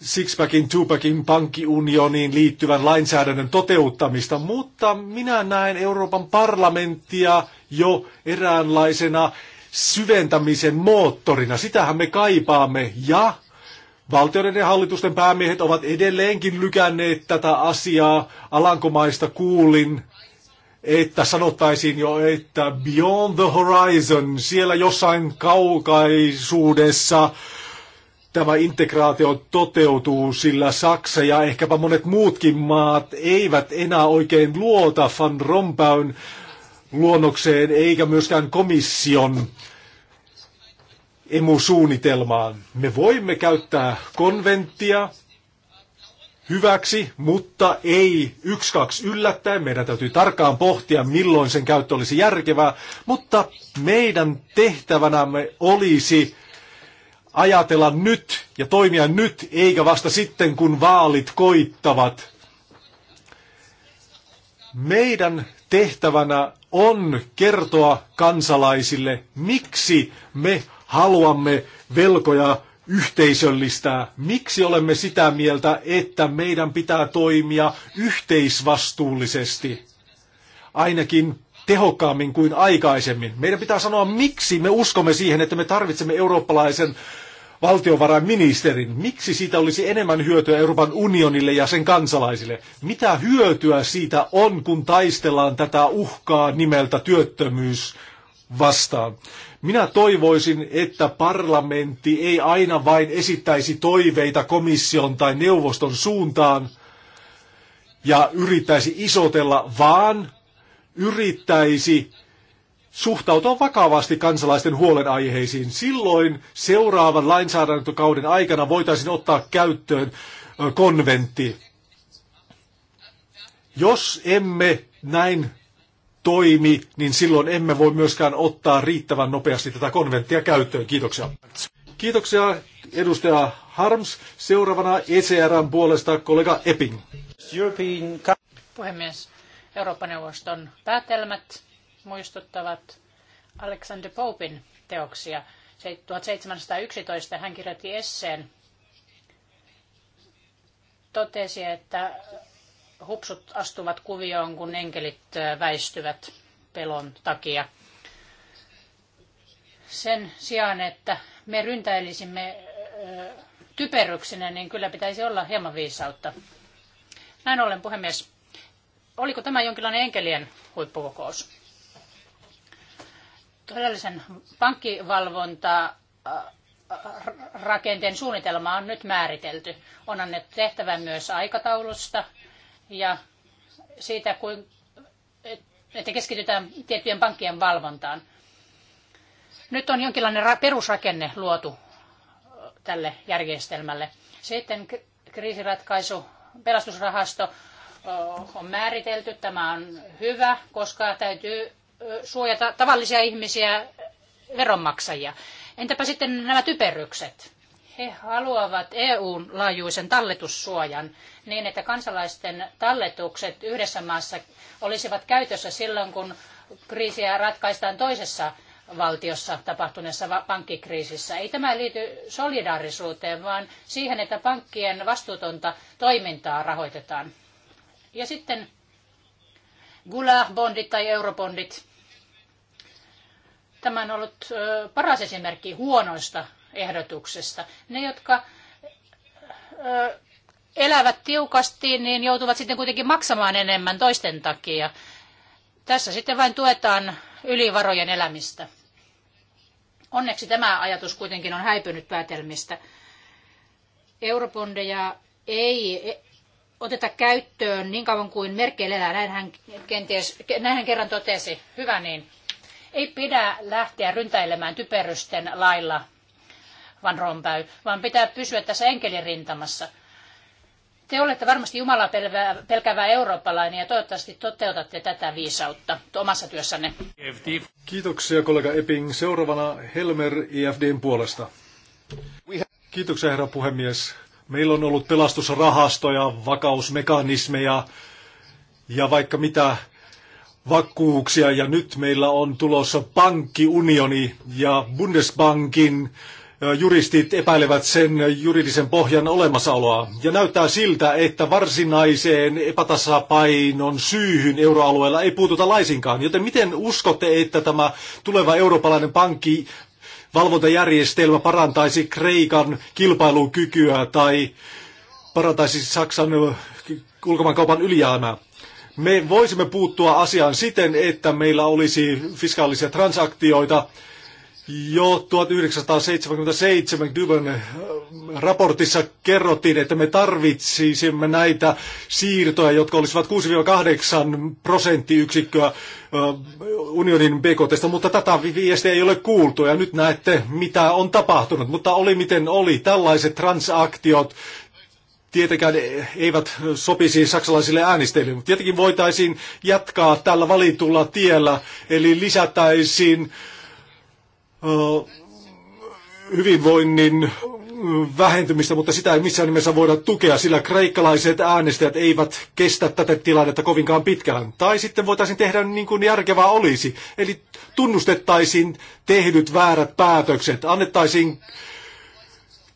Sixpackin, Twopackin, pankkiunioniin liittyvän lainsäädännön toteuttamista, mutta minä näen Euroopan parlamenttia jo eräänlaisena syventämisen moottorina. Sitähän me kaipaamme ja Valtioiden ja hallitusten päämiehet ovat edelleenkin lykänneet tätä asiaa. Alankomaista kuulin, että sanottaisiin jo, että Beyond the Horizon, siellä jossain kaukaisuudessa tämä integraatio toteutuu, sillä Saksa ja ehkäpä monet muutkin maat eivät enää oikein luota Van Rompuyn luonnokseen eikä myöskään komission emusuunnitelmaan. Me voimme käyttää konventtia hyväksi, mutta ei yksi kaksi yllättäen. Meidän täytyy tarkkaan pohtia, milloin sen käyttö olisi järkevää, mutta meidän tehtävänämme olisi ajatella nyt ja toimia nyt, eikä vasta sitten, kun vaalit koittavat. Meidän tehtävänä on kertoa kansalaisille, miksi me haluamme velkoja yhteisöllistää. Miksi olemme sitä mieltä, että meidän pitää toimia yhteisvastuullisesti, ainakin tehokkaammin kuin aikaisemmin? Meidän pitää sanoa, miksi me uskomme siihen, että me tarvitsemme eurooppalaisen valtiovarainministerin. Miksi siitä olisi enemmän hyötyä Euroopan unionille ja sen kansalaisille? Mitä hyötyä siitä on, kun taistellaan tätä uhkaa nimeltä työttömyys vastaan. Minä toivoisin, että parlamentti ei aina vain esittäisi toiveita komission tai neuvoston suuntaan ja yrittäisi isotella, vaan yrittäisi suhtautua vakavasti kansalaisten huolenaiheisiin. Silloin seuraavan lainsäädäntökauden aikana voitaisiin ottaa käyttöön konventti. Jos emme näin toimi, niin silloin emme voi myöskään ottaa riittävän nopeasti tätä konventtia käyttöön. Kiitoksia. Kiitoksia edustaja Harms. Seuraavana ECRn puolesta kollega Epping. European... Puhemies, Euroopan neuvoston päätelmät muistuttavat Alexander Popin teoksia. 1711 hän kirjoitti esseen, totesi, että hupsut astuvat kuvioon, kun enkelit väistyvät pelon takia. Sen sijaan, että me ryntäilisimme typeryksinä, niin kyllä pitäisi olla hieman viisautta. Näin ollen, puhemies, oliko tämä jonkinlainen enkelien huippukokous? Todellisen pankkivalvonta rakenteen suunnitelma on nyt määritelty. On annettu tehtävä myös aikataulusta ja siitä, kuin, että keskitytään tiettyjen pankkien valvontaan. Nyt on jonkinlainen perusrakenne luotu tälle järjestelmälle. Sitten kriisiratkaisu, pelastusrahasto on määritelty. Tämä on hyvä, koska täytyy suojata tavallisia ihmisiä, veronmaksajia. Entäpä sitten nämä typerykset? He haluavat EUn laajuisen talletussuojan niin, että kansalaisten talletukset yhdessä maassa olisivat käytössä silloin, kun kriisiä ratkaistaan toisessa valtiossa tapahtuneessa pankkikriisissä. Ei tämä liity solidaarisuuteen, vaan siihen, että pankkien vastuutonta toimintaa rahoitetaan. Ja sitten Goulart-bondit tai eurobondit. Tämä on ollut paras esimerkki huonoista ehdotuksesta. Ne, jotka elävät tiukasti, niin joutuvat sitten kuitenkin maksamaan enemmän toisten takia. Tässä sitten vain tuetaan ylivarojen elämistä. Onneksi tämä ajatus kuitenkin on häipynyt päätelmistä. Eurobondeja ei e- oteta käyttöön niin kauan kuin Merkel elää, näin hän, kenties, näin hän kerran totesi. Hyvä niin. Ei pidä lähteä ryntäilemään typerysten lailla Van Rompuy, vaan pitää pysyä tässä enkelin rintamassa. Te olette varmasti Jumala pelkävä eurooppalainen ja toivottavasti toteutatte tätä viisautta omassa työssänne. Kiitoksia kollega Epping. Seuraavana Helmer IFDn e puolesta. Kiitoksia herra puhemies. Meillä on ollut pelastusrahastoja, vakausmekanismeja ja vaikka mitä vakuuksia ja nyt meillä on tulossa pankkiunioni ja Bundesbankin juristit epäilevät sen juridisen pohjan olemassaoloa. Ja näyttää siltä, että varsinaiseen epätasapainon syyhyn euroalueella ei puututa laisinkaan. Joten miten uskotte, että tämä tuleva eurooppalainen pankki valvontajärjestelmä parantaisi Kreikan kilpailukykyä tai parantaisi Saksan ulkomaankaupan ylijäämää? Me voisimme puuttua asiaan siten, että meillä olisi fiskaalisia transaktioita, jo 1977 Dybön raportissa kerrottiin, että me tarvitsisimme näitä siirtoja, jotka olisivat 6-8 prosenttiyksikköä äh, unionin BKTstä, mutta tätä viestiä ei ole kuultu ja nyt näette, mitä on tapahtunut. Mutta oli miten oli, tällaiset transaktiot, tietenkään eivät sopisi saksalaisille äänestäjille, mutta tietenkin voitaisiin jatkaa tällä valitulla tiellä, eli lisätäisiin hyvinvoinnin vähentymistä, mutta sitä ei missään nimessä voida tukea, sillä kreikkalaiset äänestäjät eivät kestä tätä tilannetta kovinkaan pitkään. Tai sitten voitaisiin tehdä niin kuin järkevää olisi, eli tunnustettaisiin tehdyt väärät päätökset, annettaisiin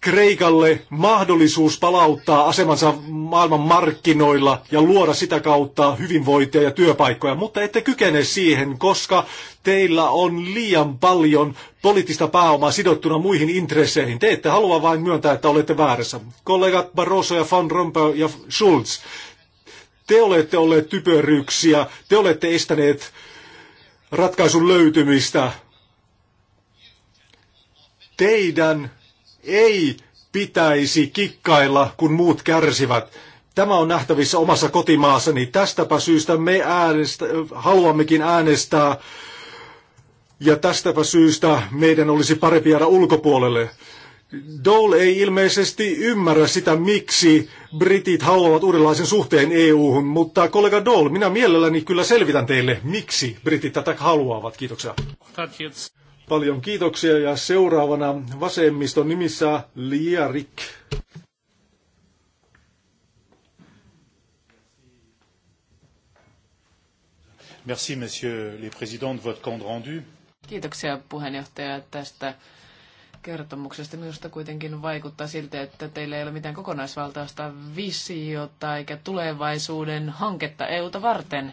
Kreikalle mahdollisuus palauttaa asemansa maailman markkinoilla ja luoda sitä kautta hyvinvointia ja työpaikkoja, mutta ette kykene siihen, koska teillä on liian paljon poliittista pääomaa sidottuna muihin intresseihin. Te ette halua vain myöntää, että olette väärässä. Kollegat Barroso ja Van Rompuy ja Schulz, te olette olleet typeryksiä, te olette estäneet ratkaisun löytymistä. Teidän ei pitäisi kikkailla, kun muut kärsivät. Tämä on nähtävissä omassa kotimaassani. Tästäpä syystä me äänestä, haluammekin äänestää ja tästäpä syystä meidän olisi parempi jäädä ulkopuolelle. Dole ei ilmeisesti ymmärrä sitä, miksi britit haluavat uudenlaisen suhteen EU-hun, mutta kollega Dole, minä mielelläni kyllä selvitän teille, miksi britit tätä haluavat. Kiitoksia. Paljon kiitoksia ja seuraavana vasemmiston nimissä Liarik. Merci, monsieur le président, de votre compte rendu. Kiitoksia puheenjohtaja tästä kertomuksesta. Minusta kuitenkin vaikuttaa siltä, että teillä ei ole mitään kokonaisvaltaista visiota eikä tulevaisuuden hanketta EUta varten –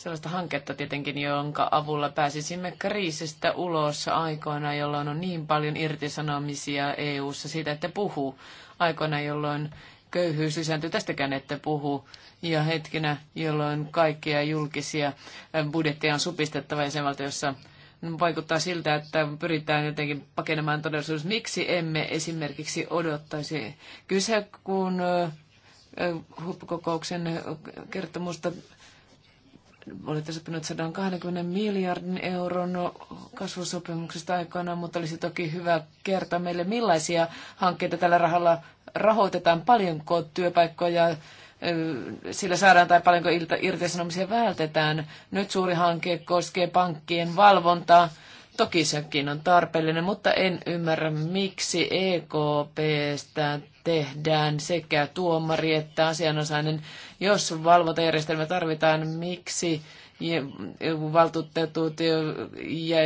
sellaista hanketta tietenkin, jonka avulla pääsisimme kriisistä ulos aikoina, jolloin on niin paljon irtisanomisia EU-ssa siitä, että puhuu. Aikoina, jolloin köyhyys lisääntyy, tästäkään että puhu. Ja hetkinä, jolloin kaikkia julkisia budjetteja on supistettava jäsenvaltiossa vaikuttaa siltä, että pyritään jotenkin pakenemaan todellisuus. Miksi emme esimerkiksi odottaisi kyse, kun huippukokouksen kertomusta olette sopinut 120 miljardin euron kasvusopimuksesta aikana, mutta olisi toki hyvä kertoa meille, millaisia hankkeita tällä rahalla rahoitetaan, paljonko työpaikkoja sillä saadaan tai paljonko irtisanomisia vältetään. Nyt suuri hanke koskee pankkien valvontaa. Toki sekin on tarpeellinen, mutta en ymmärrä, miksi EKPstä tehdään sekä tuomari että asianosainen. Jos valvontajärjestelmä tarvitaan, miksi valtuutetut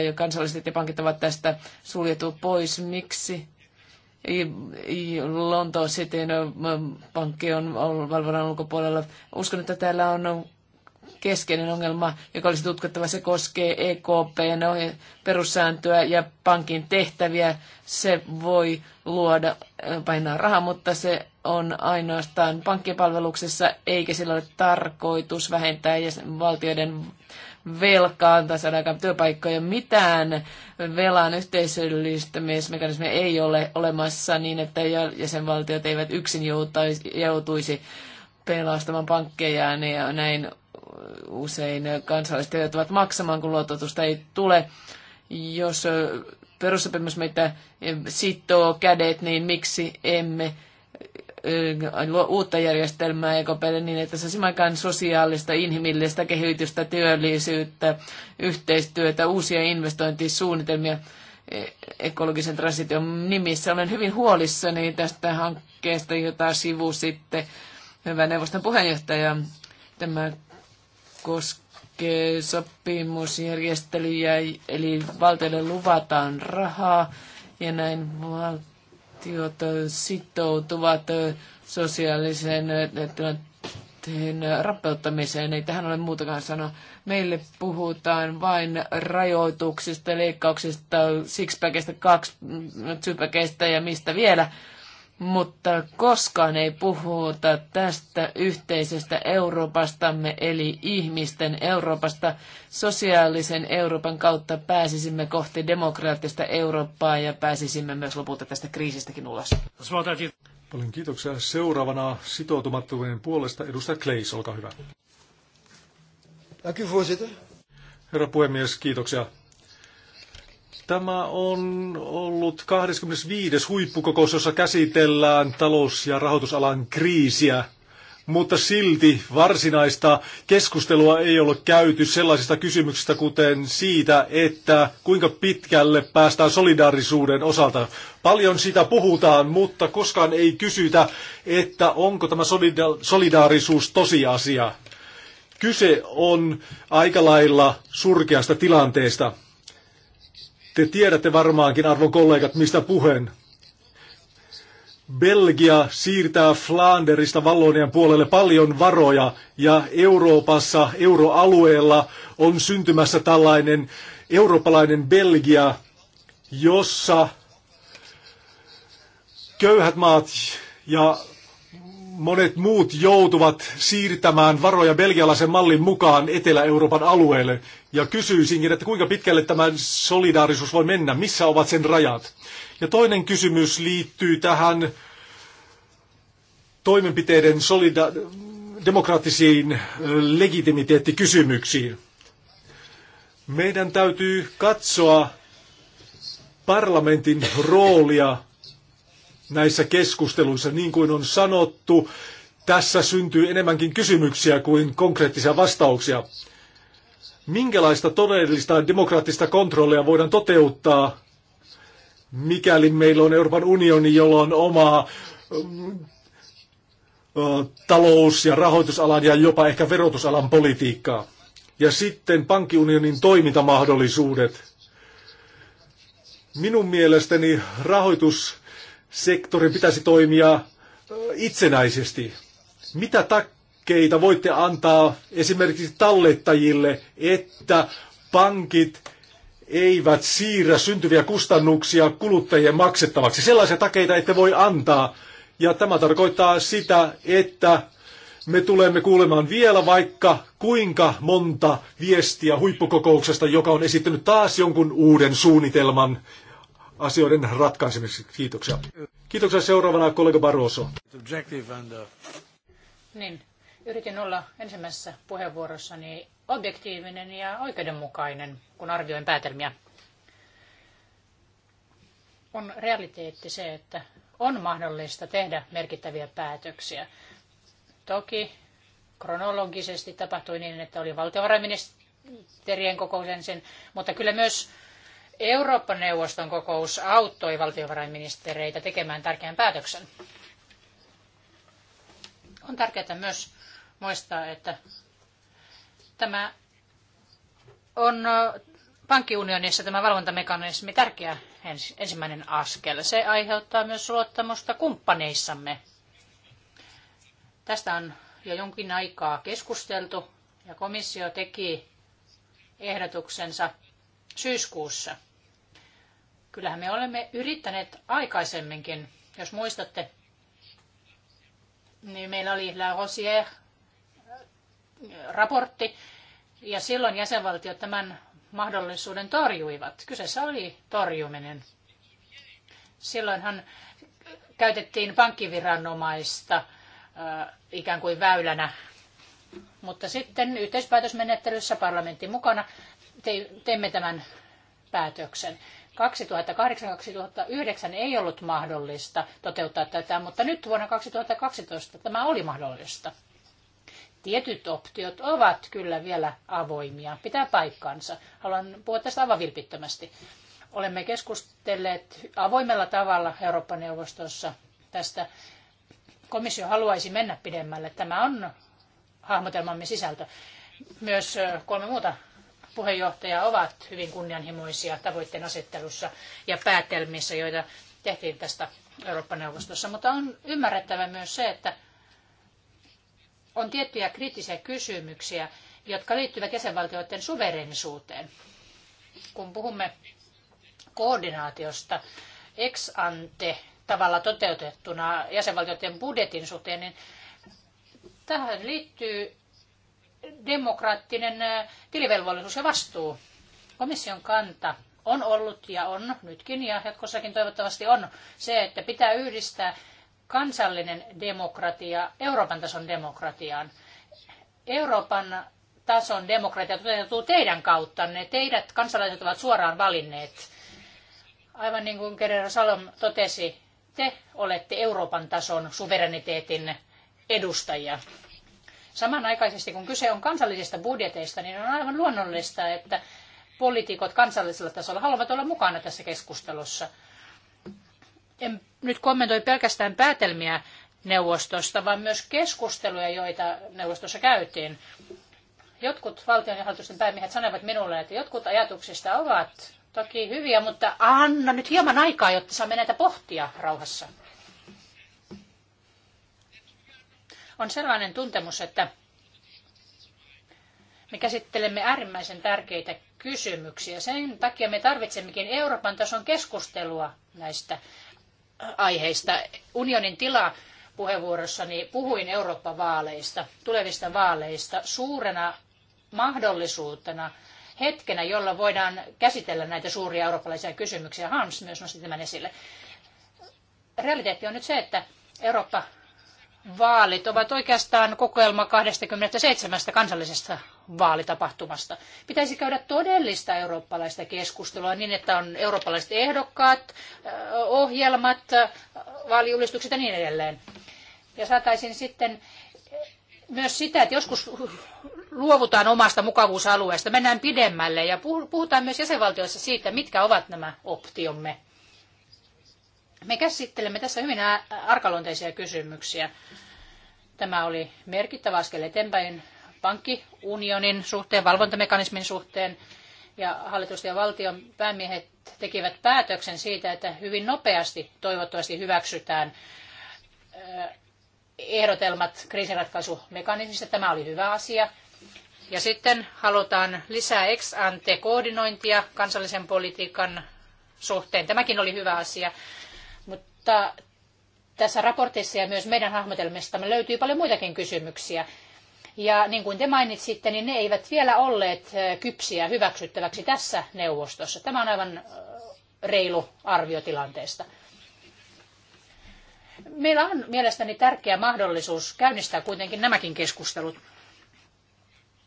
ja kansalliset ja pankit ovat tästä suljettu pois? Miksi Lontoon sitten pankki on valvonnan ulkopuolella? Uskon, että täällä on keskeinen ongelma, joka olisi tutkittava. Se koskee EKPn perussääntöä ja pankin tehtäviä. Se voi luoda, äh, painaa rahaa, mutta se on ainoastaan pankkipalveluksessa, eikä sillä ole tarkoitus vähentää valtioiden velkaa tai saada aikaan työpaikkoja. Mitään velan yhteisöllistämismekanismia ei ole olemassa niin, että jäsenvaltiot eivät yksin joutuisi pelastamaan pankkejaan ja näin usein kansalaiset joutuvat maksamaan, kun luototusta ei tule. Jos perussopimus meitä sitoo kädet, niin miksi emme luo uutta järjestelmää EKPlle niin, että se aikaan sosiaalista, inhimillistä kehitystä, työllisyyttä, yhteistyötä, uusia investointisuunnitelmia e, ekologisen transition nimissä. Olen hyvin huolissani tästä hankkeesta, jota sivu sitten hyvä neuvoston puheenjohtaja. Tämä koskee sopimusjärjestelyjä, eli valtiolle luvataan rahaa ja näin valtiot sitoutuvat sosiaalisen rappeuttamiseen. Ei tähän ole muutakaan sanoa. Meille puhutaan vain rajoituksista, leikkauksista, sixpackista, kaksipäkeistä no, ja mistä vielä – mutta koskaan ei puhuta tästä yhteisestä Euroopastamme, eli ihmisten Euroopasta. Sosiaalisen Euroopan kautta pääsisimme kohti demokraattista Eurooppaa ja pääsisimme myös lopulta tästä kriisistäkin ulos. Paljon kiitoksia. Seuraavana sitoutumattomien puolesta edustaja Kleis, olkaa hyvä. Herra puhemies, kiitoksia. Tämä on ollut 25. huippukokous, jossa käsitellään talous- ja rahoitusalan kriisiä, mutta silti varsinaista keskustelua ei ole käyty sellaisista kysymyksistä, kuten siitä, että kuinka pitkälle päästään solidaarisuuden osalta. Paljon siitä puhutaan, mutta koskaan ei kysytä, että onko tämä solida- solidaarisuus tosiasia. Kyse on aika lailla surkeasta tilanteesta. Te tiedätte varmaankin, arvon kollegat, mistä puheen. Belgia siirtää Flanderista Vallonian puolelle paljon varoja ja Euroopassa, euroalueella on syntymässä tällainen eurooppalainen Belgia, jossa köyhät maat ja monet muut joutuvat siirtämään varoja belgialaisen mallin mukaan Etelä-Euroopan alueelle. Ja kysyisinkin, että kuinka pitkälle tämä solidaarisuus voi mennä, missä ovat sen rajat. Ja toinen kysymys liittyy tähän toimenpiteiden solida- demokraattisiin legitimiteettikysymyksiin. Meidän täytyy katsoa parlamentin roolia näissä keskusteluissa. Niin kuin on sanottu, tässä syntyy enemmänkin kysymyksiä kuin konkreettisia vastauksia. Minkälaista todellista demokraattista kontrollia voidaan toteuttaa, mikäli meillä on Euroopan unioni, jolla on oma mm, talous- ja rahoitusalan ja jopa ehkä verotusalan politiikkaa. Ja sitten pankkiunionin toimintamahdollisuudet. Minun mielestäni rahoitus sektorin pitäisi toimia itsenäisesti. Mitä takkeita voitte antaa esimerkiksi tallettajille, että pankit eivät siirrä syntyviä kustannuksia kuluttajien maksettavaksi? Sellaisia takeita ette voi antaa. Ja tämä tarkoittaa sitä, että me tulemme kuulemaan vielä vaikka kuinka monta viestiä huippukokouksesta, joka on esittänyt taas jonkun uuden suunnitelman asioiden ratkaisemiseksi. Kiitoksia. Kiitoksia seuraavana kollega Barroso. Uh, niin, yritin olla ensimmäisessä puheenvuorossani objektiivinen ja oikeudenmukainen, kun arvioin päätelmiä. On realiteetti se, että on mahdollista tehdä merkittäviä päätöksiä. Toki kronologisesti tapahtui niin, että oli valtiovarainministerien kokous ensin, mutta kyllä myös Eurooppa-neuvoston kokous auttoi valtiovarainministereitä tekemään tärkeän päätöksen. On tärkeää myös muistaa, että tämä on pankkiunionissa tämä valvontamekanismi tärkeä ensimmäinen askel. Se aiheuttaa myös luottamusta kumppaneissamme. Tästä on jo jonkin aikaa keskusteltu ja komissio teki ehdotuksensa syyskuussa. Kyllähän me olemme yrittäneet aikaisemminkin, jos muistatte, niin meillä oli La Rosière äh, raportti, ja silloin jäsenvaltiot tämän mahdollisuuden torjuivat. Kyseessä oli torjuminen. Silloinhan käytettiin pankkiviranomaista äh, ikään kuin väylänä, mutta sitten yhteispäätösmenettelyssä parlamentti mukana te, teemme tämän päätöksen. 2008-2009 ei ollut mahdollista toteuttaa tätä, mutta nyt vuonna 2012 tämä oli mahdollista. Tietyt optiot ovat kyllä vielä avoimia, pitää paikkansa. Haluan puhua tästä aivan vilpittömästi. Olemme keskustelleet avoimella tavalla Eurooppa-neuvostossa tästä. Komissio haluaisi mennä pidemmälle. Tämä on hahmotelmamme sisältö. Myös kolme muuta puheenjohtaja ovat hyvin kunnianhimoisia tavoitteen asettelussa ja päätelmissä, joita tehtiin tästä Eurooppa-neuvostossa. Mutta on ymmärrettävä myös se, että on tiettyjä kriittisiä kysymyksiä, jotka liittyvät jäsenvaltioiden suverenisuuteen. Kun puhumme koordinaatiosta ex ante tavalla toteutettuna jäsenvaltioiden budjetin suhteen, niin tähän liittyy demokraattinen tilivelvollisuus ja vastuu. Komission kanta on ollut ja on nytkin ja jatkossakin toivottavasti on se, että pitää yhdistää kansallinen demokratia Euroopan tason demokratiaan. Euroopan tason demokratia toteutuu teidän kauttanne. Teidät kansalaiset ovat suoraan valinneet. Aivan niin kuin Kerera Salom totesi, te olette Euroopan tason suvereniteetin edustajia. Samanaikaisesti kun kyse on kansallisista budjeteista, niin on aivan luonnollista, että poliitikot kansallisella tasolla haluavat olla mukana tässä keskustelussa. En nyt kommentoi pelkästään päätelmiä neuvostosta, vaan myös keskusteluja, joita neuvostossa käytiin. Jotkut valtion ja hallitusten päämiehet sanoivat minulle, että jotkut ajatuksista ovat toki hyviä, mutta anna nyt hieman aikaa, jotta saamme näitä pohtia rauhassa. on sellainen tuntemus, että me käsittelemme äärimmäisen tärkeitä kysymyksiä. Sen takia me tarvitsemmekin Euroopan tason keskustelua näistä aiheista. Unionin tila puheenvuorossani puhuin Eurooppa-vaaleista, tulevista vaaleista, suurena mahdollisuutena, hetkenä, jolla voidaan käsitellä näitä suuria eurooppalaisia kysymyksiä. Hans myös nosti tämän esille. Realiteetti on nyt se, että Eurooppa vaalit ovat oikeastaan kokoelma 27 kansallisesta vaalitapahtumasta. Pitäisi käydä todellista eurooppalaista keskustelua niin, että on eurooppalaiset ehdokkaat, ohjelmat, vaalijulistukset ja niin edelleen. Ja saataisiin sitten myös sitä, että joskus luovutaan omasta mukavuusalueesta, mennään pidemmälle ja puhutaan myös jäsenvaltioissa siitä, mitkä ovat nämä optiomme. Me käsittelemme tässä hyvin arkaluonteisia kysymyksiä. Tämä oli merkittävä askel eteenpäin pankkiunionin suhteen, valvontamekanismin suhteen. Ja hallitus ja valtion päämiehet tekivät päätöksen siitä, että hyvin nopeasti toivottavasti hyväksytään ehdotelmat kriisinratkaisumekanismista. Tämä oli hyvä asia. Ja sitten halutaan lisää ex ante koordinointia kansallisen politiikan suhteen. Tämäkin oli hyvä asia. Mutta tässä raportissa ja myös meidän hahmotelmistamme löytyy paljon muitakin kysymyksiä. Ja niin kuin te mainitsitte, niin ne eivät vielä olleet kypsiä hyväksyttäväksi tässä neuvostossa. Tämä on aivan reilu arvio tilanteesta. Meillä on mielestäni tärkeä mahdollisuus käynnistää kuitenkin nämäkin keskustelut.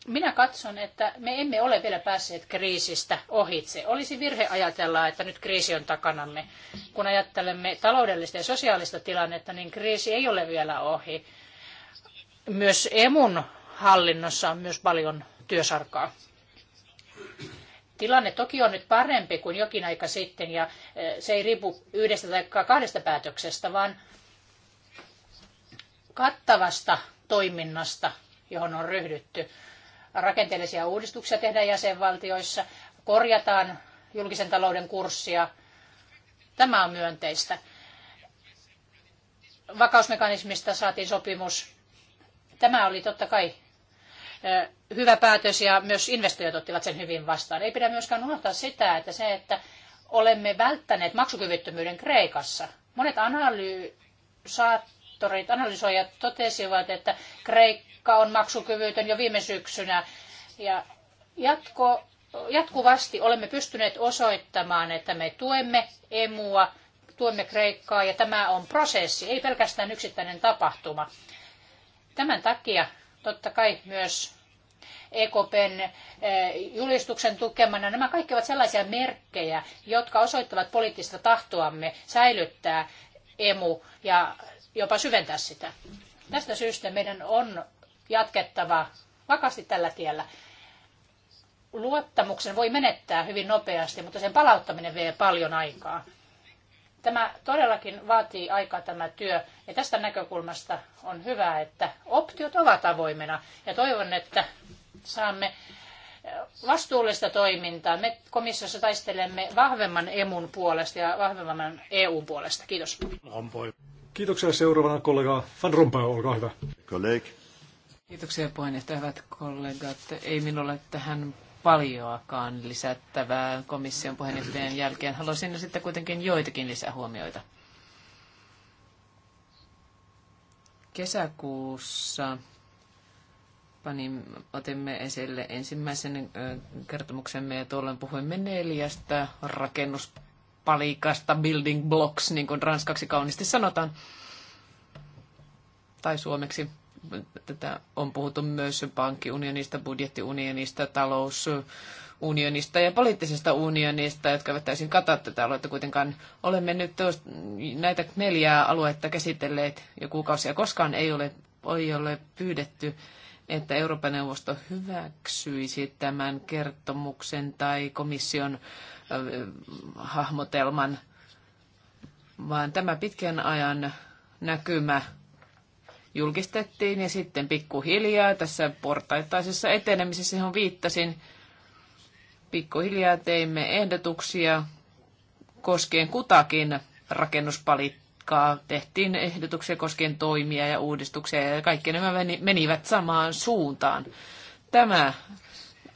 Minä katson, että me emme ole vielä päässeet kriisistä ohitse. Olisi virhe ajatella, että nyt kriisi on takanamme. Kun ajattelemme taloudellista ja sosiaalista tilannetta, niin kriisi ei ole vielä ohi. Myös emun hallinnossa on myös paljon työsarkaa. Tilanne toki on nyt parempi kuin jokin aika sitten ja e, se ei riipu yhdestä tai kahdesta päätöksestä, vaan kattavasta toiminnasta, johon on ryhdytty rakenteellisia uudistuksia tehdään jäsenvaltioissa, korjataan julkisen talouden kurssia. Tämä on myönteistä. Vakausmekanismista saatiin sopimus. Tämä oli totta kai hyvä päätös ja myös investoijat ottivat sen hyvin vastaan. Ei pidä myöskään unohtaa sitä, että se, että olemme välttäneet maksukyvyttömyyden Kreikassa. Monet analysaattorit, analysoijat totesivat, että Kreikka joka on maksukyvytön jo viime syksynä. Ja jatko, jatkuvasti olemme pystyneet osoittamaan, että me tuemme emua, tuemme Kreikkaa ja tämä on prosessi, ei pelkästään yksittäinen tapahtuma. Tämän takia totta kai myös EKPn eh, julistuksen tukemana. Nämä kaikki ovat sellaisia merkkejä, jotka osoittavat poliittista tahtoamme säilyttää emu ja jopa syventää sitä. Tästä syystä meidän on jatkettava vakaasti tällä tiellä. Luottamuksen voi menettää hyvin nopeasti, mutta sen palauttaminen vie paljon aikaa. Tämä todellakin vaatii aikaa tämä työ, ja tästä näkökulmasta on hyvä, että optiot ovat avoimena, ja toivon, että saamme vastuullista toimintaa. Me komissiossa taistelemme vahvemman emun puolesta ja vahvemman EUn puolesta. Kiitos. Kiitoksia seuraavana kollega Van Rompuy, olkaa hyvä. Kollega. Kiitoksia puheenjohtaja, hyvät kollegat. Ei minulle tähän paljoakaan lisättävää komission puheenjohtajan jälkeen. Haluaisin sitten kuitenkin joitakin lisähuomioita. Kesäkuussa panin, otimme esille ensimmäisen kertomuksemme ja tuolloin puhuimme neljästä rakennuspalikasta, building blocks, niin kuin ranskaksi kauniisti sanotaan, tai suomeksi Tätä on puhuttu myös pankkiunionista, budjettiunionista, talousunionista ja poliittisesta unionista, jotka eivät täysin kata tätä aluetta kuitenkaan. Olemme nyt näitä neljää aluetta käsitelleet jo kuukausia. Koskaan ei ole, ei ole pyydetty että Euroopan neuvosto hyväksyisi tämän kertomuksen tai komission hahmotelman, vaan tämä pitkän ajan näkymä julkistettiin ja sitten pikkuhiljaa tässä portaittaisessa etenemisessä, johon viittasin, pikkuhiljaa teimme ehdotuksia koskien kutakin rakennuspalikkaa. Tehtiin ehdotuksia koskien toimia ja uudistuksia ja kaikki nämä menivät samaan suuntaan. Tämä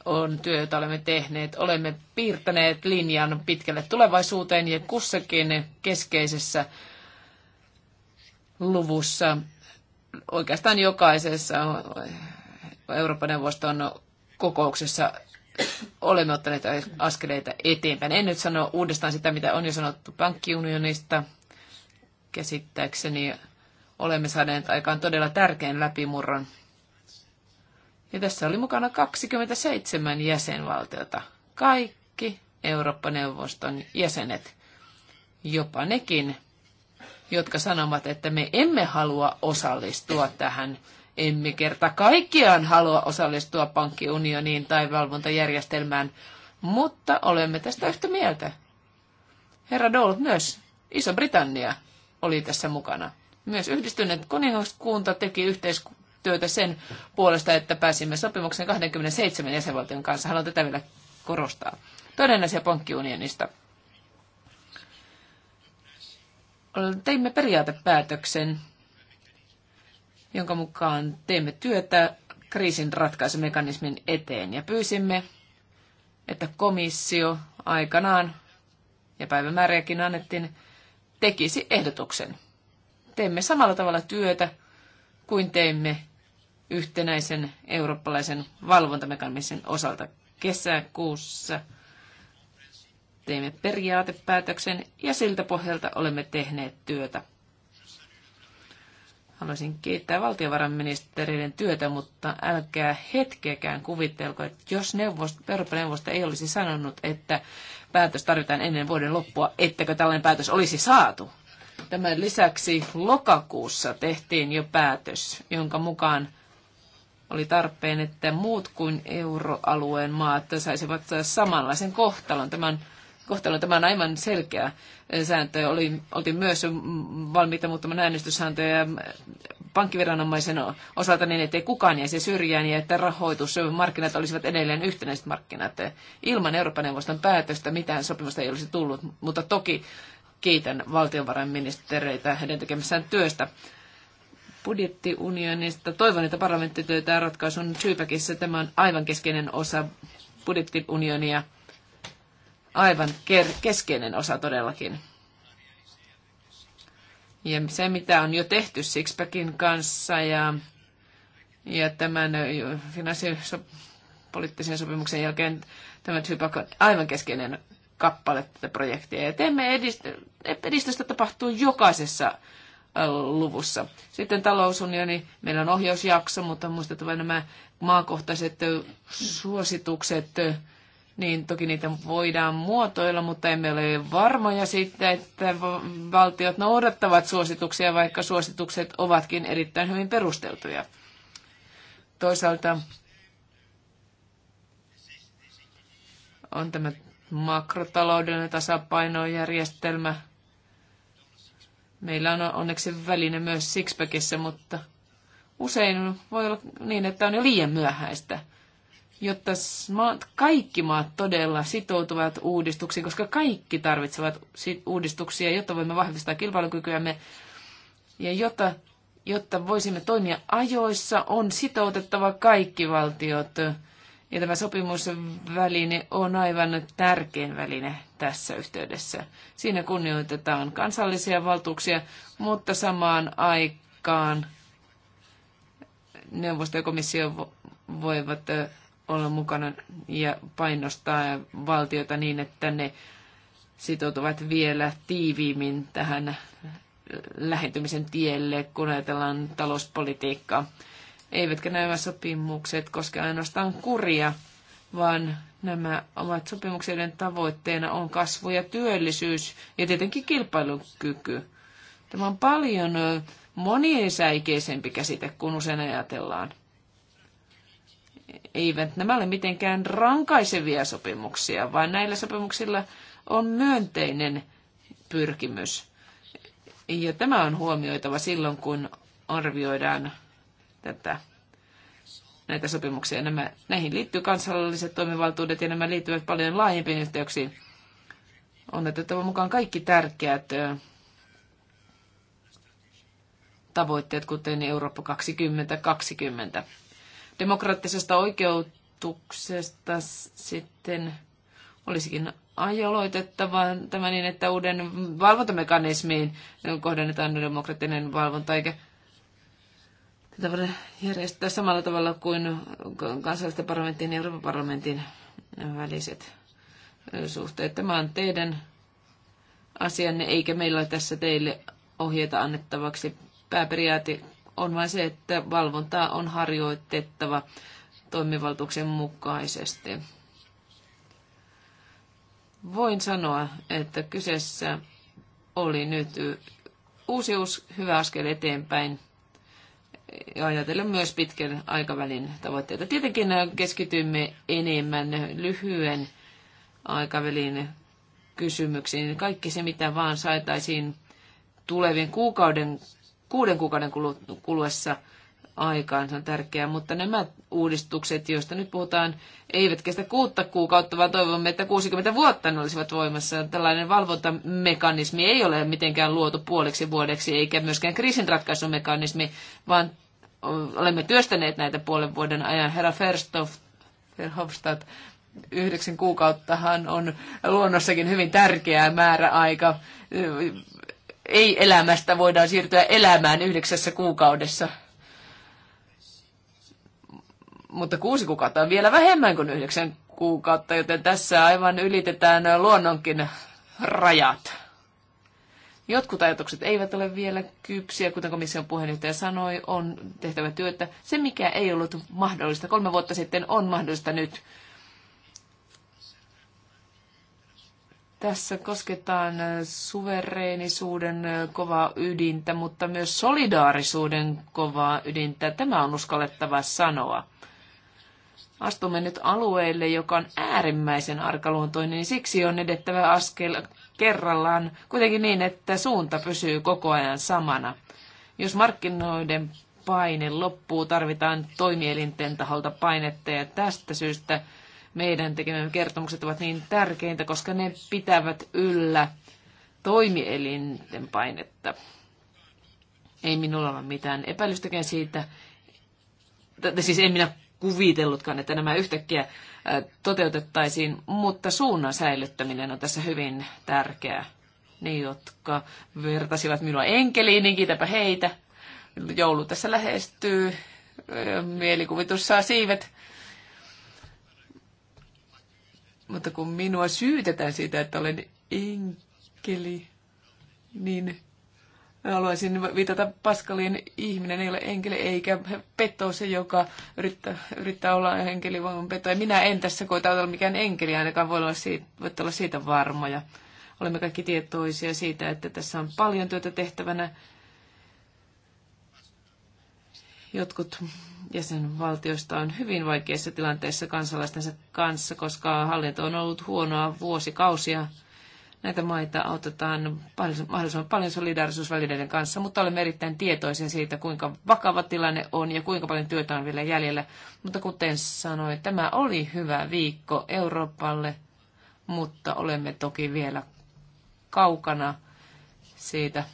on työ, jota olemme tehneet. Olemme piirtäneet linjan pitkälle tulevaisuuteen ja kussakin keskeisessä luvussa oikeastaan jokaisessa Euroopan neuvoston kokouksessa olemme ottaneet askeleita eteenpäin. En nyt sano uudestaan sitä, mitä on jo sanottu pankkiunionista. Käsittääkseni olemme saaneet aikaan todella tärkeän läpimurron. Ja tässä oli mukana 27 jäsenvaltiota. Kaikki Eurooppa-neuvoston jäsenet, jopa nekin, jotka sanovat, että me emme halua osallistua tähän emme kerta kaikkiaan halua osallistua pankkiunioniin tai valvontajärjestelmään, mutta olemme tästä yhtä mieltä. Herra Dole myös, Iso-Britannia oli tässä mukana. Myös yhdistyneet kuningaskunta teki yhteistyötä sen puolesta, että pääsimme sopimuksen 27 jäsenvaltion kanssa. Haluan tätä vielä korostaa. Toinen asia pankkiunionista – teimme periaatepäätöksen, jonka mukaan teemme työtä kriisin ratkaisumekanismin eteen ja pyysimme, että komissio aikanaan, ja päivämääräkin annettiin, tekisi ehdotuksen. Teemme samalla tavalla työtä kuin teimme yhtenäisen eurooppalaisen valvontamekanismin osalta kesäkuussa – teimme periaatepäätöksen ja siltä pohjalta olemme tehneet työtä. Haluaisin kiittää valtiovarainministeriöiden työtä, mutta älkää hetkeäkään kuvitelko, että jos neuvosto, Euroopan neuvosto ei olisi sanonut, että päätös tarvitaan ennen vuoden loppua, ettäkö tällainen päätös olisi saatu. Tämän lisäksi lokakuussa tehtiin jo päätös, jonka mukaan oli tarpeen, että muut kuin euroalueen maat saisivat samanlaisen kohtalon. Tämän kohtalon. Tämä on aivan selkeä eh, sääntö. Oli, oltiin myös valmiita muuttamaan äänestyssääntöjä eh, pankkiviranomaisen osalta niin, ettei kukaan jäisi syrjään ja että rahoitusmarkkinat olisivat edelleen yhtenäiset markkinat. Eh, ilman Euroopan neuvoston päätöstä mitään sopimusta ei olisi tullut, mutta toki kiitän valtiovarainministereitä heidän tekemässään työstä budjettiunionista. Toivon, että parlamentti työtää ratkaisun syypäkissä. Tämä on aivan keskeinen osa budjettiunionia aivan keskeinen osa todellakin. Ja se, mitä on jo tehty Sixpackin kanssa ja, ja tämän finanssipoliittisen sopimuksen jälkeen, tämä Tupac on aivan keskeinen kappale tätä projektia. Ja teemme edist- edistystä tapahtuu jokaisessa luvussa. Sitten talousunioni, meillä on ohjausjakso, mutta on muistettava nämä maakohtaiset suositukset niin toki niitä voidaan muotoilla, mutta emme ole varmoja siitä, että valtiot noudattavat suosituksia, vaikka suositukset ovatkin erittäin hyvin perusteltuja. Toisaalta on tämä makrotaloudellinen tasapainojärjestelmä. Meillä on onneksi väline myös Sixpackissa, mutta usein voi olla niin, että on jo liian myöhäistä – jotta maat, kaikki maat todella sitoutuvat uudistuksiin, koska kaikki tarvitsevat uudistuksia, jotta voimme vahvistaa kilpailukykyämme ja jotta, jotta voisimme toimia ajoissa, on sitoutettava kaikki valtiot. Ja tämä sopimusväline on aivan tärkein väline tässä yhteydessä. Siinä kunnioitetaan kansallisia valtuuksia, mutta samaan aikaan neuvosto ja komissio voivat olla mukana ja painostaa valtiota niin, että ne sitoutuvat vielä tiiviimmin tähän lähentymisen tielle, kun ajatellaan talouspolitiikkaa. Eivätkä nämä sopimukset koske ainoastaan kuria, vaan nämä omat sopimuksien tavoitteena on kasvu ja työllisyys ja tietenkin kilpailukyky. Tämä on paljon monisäikeisempi käsite kuin usein ajatellaan. Eivät nämä ole mitenkään rankaisevia sopimuksia, vaan näillä sopimuksilla on myönteinen pyrkimys. Ja tämä on huomioitava silloin, kun arvioidaan tätä, näitä sopimuksia. Nämä, näihin liittyy kansalliset toimivaltuudet ja nämä liittyvät paljon laajempiin yhteyksiin. On otettava mukaan kaikki tärkeät tavoitteet, kuten Eurooppa 2020 demokraattisesta oikeutuksesta sitten olisikin ajaloitettava tämä niin, että uuden valvontamekanismiin kohdennetaan demokraattinen valvonta, eikä tätä voida järjestää samalla tavalla kuin kansallisten parlamentin ja Euroopan parlamentin väliset suhteet. Tämä on teidän asianne, eikä meillä ole tässä teille ohjeita annettavaksi. Pääperiaate on vain se, että valvontaa on harjoitettava toimivaltuuksen mukaisesti. Voin sanoa, että kyseessä oli nyt uusi, uusi hyvä askel eteenpäin ja ajatellen myös pitkän aikavälin tavoitteita. Tietenkin keskitymme enemmän lyhyen aikavälin kysymyksiin. Kaikki se, mitä vaan saataisiin tulevien kuukauden kuuden kuukauden kuluessa aikaan, se on tärkeää, mutta nämä uudistukset, joista nyt puhutaan, eivät kestä kuutta kuukautta, vaan toivomme, että 60 vuotta ne olisivat voimassa. Tällainen valvontamekanismi ei ole mitenkään luotu puoleksi vuodeksi, eikä myöskään kriisinratkaisumekanismi, vaan olemme työstäneet näitä puolen vuoden ajan. Herra Verhofstadt, yhdeksän kuukauttahan on luonnossakin hyvin tärkeä määräaika ei-elämästä voidaan siirtyä elämään yhdeksässä kuukaudessa. Mutta kuusi kuukautta on vielä vähemmän kuin yhdeksän kuukautta, joten tässä aivan ylitetään luonnonkin rajat. Jotkut ajatukset eivät ole vielä kypsiä, kuten komission puheenjohtaja sanoi, on tehtävä työtä. Se, mikä ei ollut mahdollista kolme vuotta sitten, on mahdollista nyt. Tässä kosketaan suvereenisuuden kovaa ydintä, mutta myös solidaarisuuden kovaa ydintä. Tämä on uskallettava sanoa. Astumme nyt alueelle, joka on äärimmäisen arkaluontoinen, niin siksi on edettävä askel kerrallaan, kuitenkin niin, että suunta pysyy koko ajan samana. Jos markkinoiden paine loppuu, tarvitaan toimielinten taholta painetta ja tästä syystä meidän tekemämme kertomukset ovat niin tärkeintä, koska ne pitävät yllä toimielinten painetta. Ei minulla ole mitään epäilystäkään siitä, siis en minä kuvitellutkaan, että nämä yhtäkkiä toteutettaisiin, mutta suunnan säilyttäminen on tässä hyvin tärkeää. Ne, jotka vertasivat minua enkeliin, niin kiitäpä heitä. Joulu tässä lähestyy, mielikuvitus saa siivet. Mutta kun minua syytetään siitä, että olen enkeli, niin haluaisin viitata Paskaliin, ihminen ei ole enkeli eikä peto se, joka yrittää, yrittää olla enkeli, vaan peto. Ja minä en tässä koita olla mikään enkeli, ainakaan voi olla siitä, voit olla siitä varmoja. Olemme kaikki tietoisia siitä, että tässä on paljon työtä tehtävänä. Jotkut jäsenvaltioista on hyvin vaikeissa tilanteissa kansalaistensa kanssa, koska hallinto on ollut huonoa vuosikausia. Näitä maita autetaan mahdollisimman paljon solidaarisuusvälineiden kanssa, mutta olemme erittäin tietoisia siitä, kuinka vakava tilanne on ja kuinka paljon työtä on vielä jäljellä. Mutta kuten sanoin, tämä oli hyvä viikko Euroopalle, mutta olemme toki vielä kaukana siitä,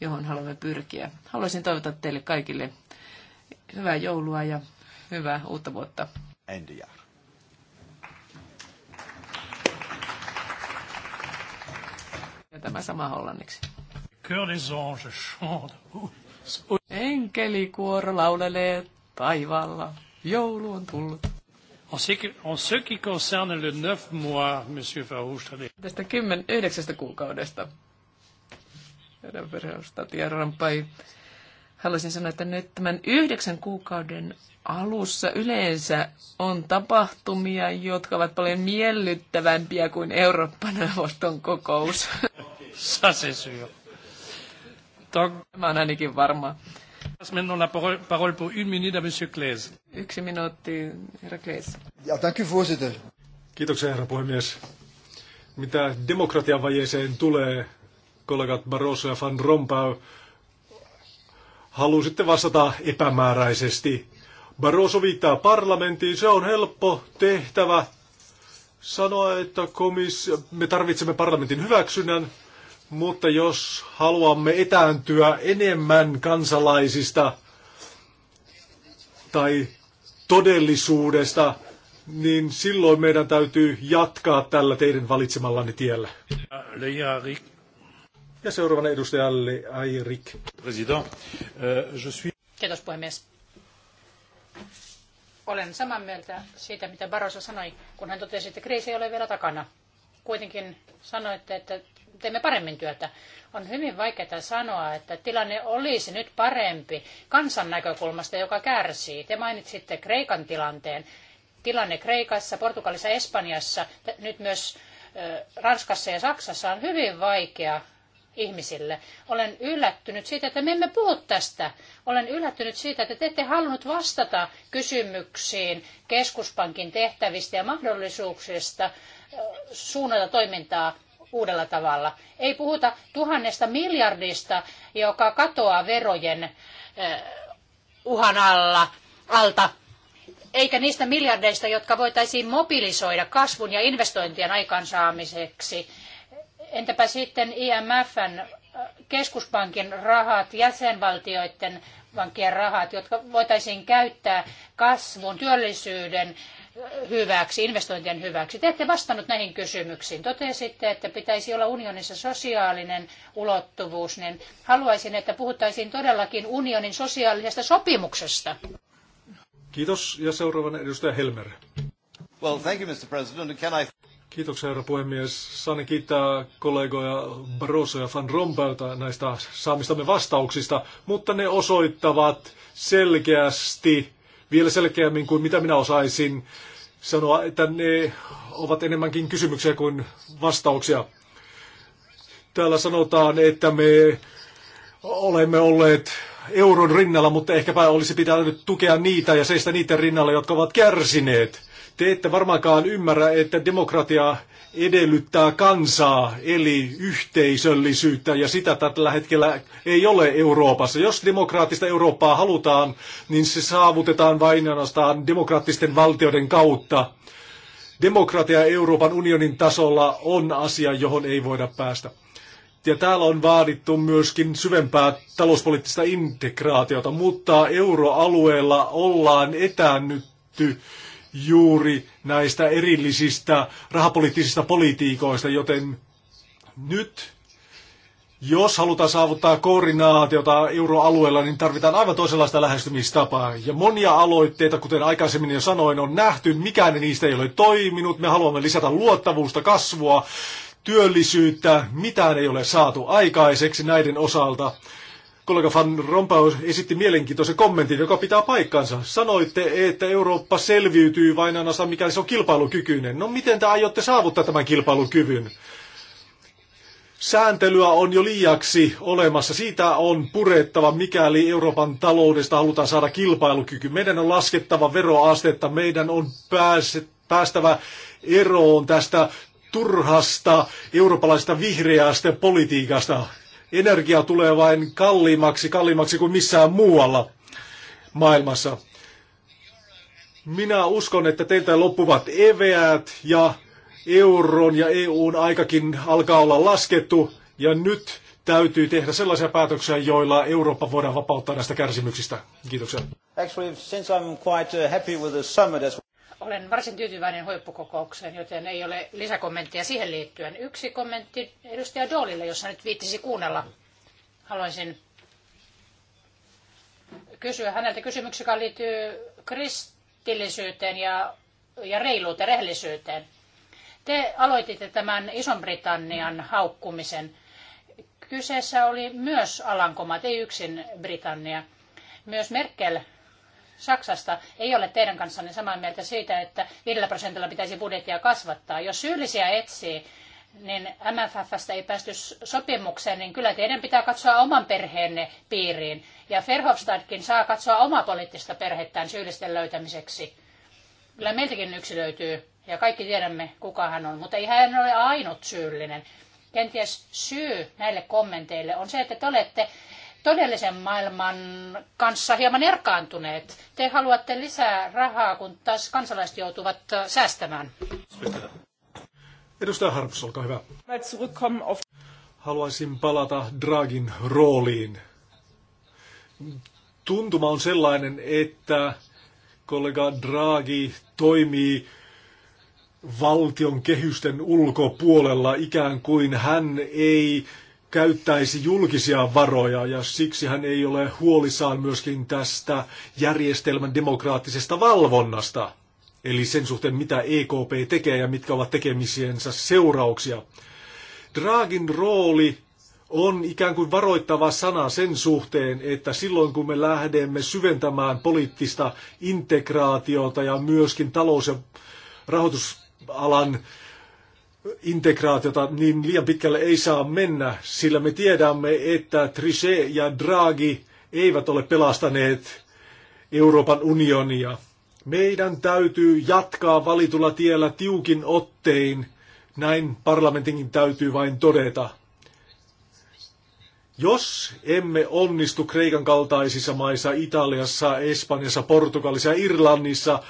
johon haluamme pyrkiä. Haluaisin toivottaa teille kaikille hyvää joulua ja hyvää uutta vuotta. Endiä. Ja tämä sama hollanniksi. Cœur des anges Enkelikuoro laulelee taivaalla. Joulu on tullut. En ce qui concerne le neuf mois, monsieur Verhofstadt. Tästä kymmen yhdeksästä kuukaudesta. Verhofstadt ja Rampai haluaisin sanoa, että nyt tämän yhdeksän kuukauden alussa yleensä on tapahtumia, jotka ovat paljon miellyttävämpiä kuin Eurooppa-neuvoston kokous. Ça c'est sûr. Tämä on ainakin varma. Yksi minuutti, herra Klees. Ja, Kiitoksia, herra puhemies. Mitä vajeeseen tulee, kollegat Barroso ja Van Rompuy halusitte vastata epämääräisesti. Barroso viittaa parlamenttiin, se on helppo tehtävä sanoa, että komissio, me tarvitsemme parlamentin hyväksynnän, mutta jos haluamme etääntyä enemmän kansalaisista tai todellisuudesta, niin silloin meidän täytyy jatkaa tällä teidän valitsemallanne tiellä. Leija ja seuraavana edustaja Le Airik. President, euh, je suis... Kiitos puhemies. Olen samaa mieltä siitä, mitä Barroso sanoi, kun hän totesi, että kriisi ei ole vielä takana. Kuitenkin sanoitte, että teemme paremmin työtä. On hyvin vaikeaa sanoa, että tilanne olisi nyt parempi kansan näkökulmasta, joka kärsii. Te mainitsitte Kreikan tilanteen. Tilanne Kreikassa, Portugalissa, Espanjassa, nyt myös Ranskassa ja Saksassa on hyvin vaikea ihmisille. Olen yllättynyt siitä, että me emme puhu tästä. Olen yllättynyt siitä, että te ette halunnut vastata kysymyksiin keskuspankin tehtävistä ja mahdollisuuksista suunnata toimintaa uudella tavalla. Ei puhuta tuhannesta miljardista, joka katoaa verojen uhan alla, alta, eikä niistä miljardeista, jotka voitaisiin mobilisoida kasvun ja investointien aikaansaamiseksi Entäpä sitten IMFn äh, keskuspankin rahat, jäsenvaltioiden pankkien rahat, jotka voitaisiin käyttää kasvun, työllisyyden äh, hyväksi, investointien hyväksi. Te ette vastannut näihin kysymyksiin. Totesitte, että pitäisi olla unionissa sosiaalinen ulottuvuus, niin haluaisin, että puhuttaisiin todellakin unionin sosiaalisesta sopimuksesta. Kiitos. Ja seuraavana edustaja Helmer. Well, thank you, Mr. President. Can I... Kiitoksia herra puhemies. Saan kiittää kollegoja Barroso ja Van Rompelta näistä saamistamme vastauksista, mutta ne osoittavat selkeästi, vielä selkeämmin kuin mitä minä osaisin sanoa, että ne ovat enemmänkin kysymyksiä kuin vastauksia. Täällä sanotaan, että me olemme olleet euron rinnalla, mutta ehkäpä olisi pitänyt tukea niitä ja seistä niiden rinnalla, jotka ovat kärsineet te ette varmaankaan ymmärrä, että demokratia edellyttää kansaa, eli yhteisöllisyyttä, ja sitä tällä hetkellä ei ole Euroopassa. Jos demokraattista Eurooppaa halutaan, niin se saavutetaan vain ainoastaan demokraattisten valtioiden kautta. Demokratia Euroopan unionin tasolla on asia, johon ei voida päästä. Ja täällä on vaadittu myöskin syvempää talouspoliittista integraatiota, mutta euroalueella ollaan etäännytty juuri näistä erillisistä rahapoliittisista politiikoista, joten nyt jos halutaan saavuttaa koordinaatiota euroalueella, niin tarvitaan aivan toisenlaista lähestymistapaa. Ja monia aloitteita, kuten aikaisemmin jo sanoin, on nähty. Mikään niistä ei ole toiminut. Me haluamme lisätä luottavuusta, kasvua, työllisyyttä. Mitään ei ole saatu aikaiseksi näiden osalta. Kollega Van Rompau esitti mielenkiintoisen kommentin, joka pitää paikkansa. Sanoitte, että Eurooppa selviytyy vain ainoastaan, mikäli se on kilpailukykyinen. No miten te aiotte saavuttaa tämän kilpailukyvyn? Sääntelyä on jo liiaksi olemassa. Siitä on purettava, mikäli Euroopan taloudesta halutaan saada kilpailukyky. Meidän on laskettava veroastetta, meidän on päästävä eroon tästä turhasta eurooppalaisesta vihreästä politiikasta energia tulee vain kalliimmaksi, kalliimmaksi kuin missään muualla maailmassa. Minä uskon, että teiltä loppuvat eveät ja euron ja EUn aikakin alkaa olla laskettu ja nyt täytyy tehdä sellaisia päätöksiä, joilla Eurooppa voidaan vapauttaa näistä kärsimyksistä. Kiitoksia. Actually, since I'm quite uh, happy with the summit, olen varsin tyytyväinen huippukokoukseen, joten ei ole lisäkommentteja siihen liittyen. Yksi kommentti edustaja Doolille, jossa nyt viittisi kuunnella. Haluaisin kysyä häneltä kysymys, joka liittyy kristillisyyteen ja, ja reiluuteen, rehellisyyteen. Te aloititte tämän Ison-Britannian haukkumisen. Kyseessä oli myös Alankomaat, ei yksin Britannia. Myös Merkel Saksasta ei ole teidän kanssanne samaa mieltä siitä, että 5 prosentilla pitäisi budjettia kasvattaa. Jos syyllisiä etsii, niin MFFstä ei päästy sopimukseen, niin kyllä teidän pitää katsoa oman perheenne piiriin. Ja Verhofstadtkin saa katsoa omaa poliittista perhettään syyllisten löytämiseksi. Kyllä meiltäkin yksi löytyy, ja kaikki tiedämme, kuka hän on, mutta ei hän ole ainut syyllinen. Kenties syy näille kommenteille on se, että te olette todellisen maailman kanssa hieman erkaantuneet. Te haluatte lisää rahaa, kun taas kansalaiset joutuvat äh, säästämään. Edustaja Harps, olkaa hyvä. Haluaisin palata Dragin rooliin. Tuntuma on sellainen, että kollega Draghi toimii valtion kehysten ulkopuolella, ikään kuin hän ei käyttäisi julkisia varoja ja siksi hän ei ole huolissaan myöskin tästä järjestelmän demokraattisesta valvonnasta, eli sen suhteen mitä EKP tekee ja mitkä ovat tekemisiensä seurauksia. Draagin rooli on ikään kuin varoittava sana sen suhteen, että silloin kun me lähdemme syventämään poliittista integraatiota ja myöskin talous- ja rahoitusalan integraatiota, niin liian pitkälle ei saa mennä, sillä me tiedämme, että Trichet ja Draghi eivät ole pelastaneet Euroopan unionia. Meidän täytyy jatkaa valitulla tiellä tiukin ottein, näin parlamentinkin täytyy vain todeta. Jos emme onnistu Kreikan kaltaisissa maissa, Italiassa, Espanjassa, Portugalissa ja Irlannissa,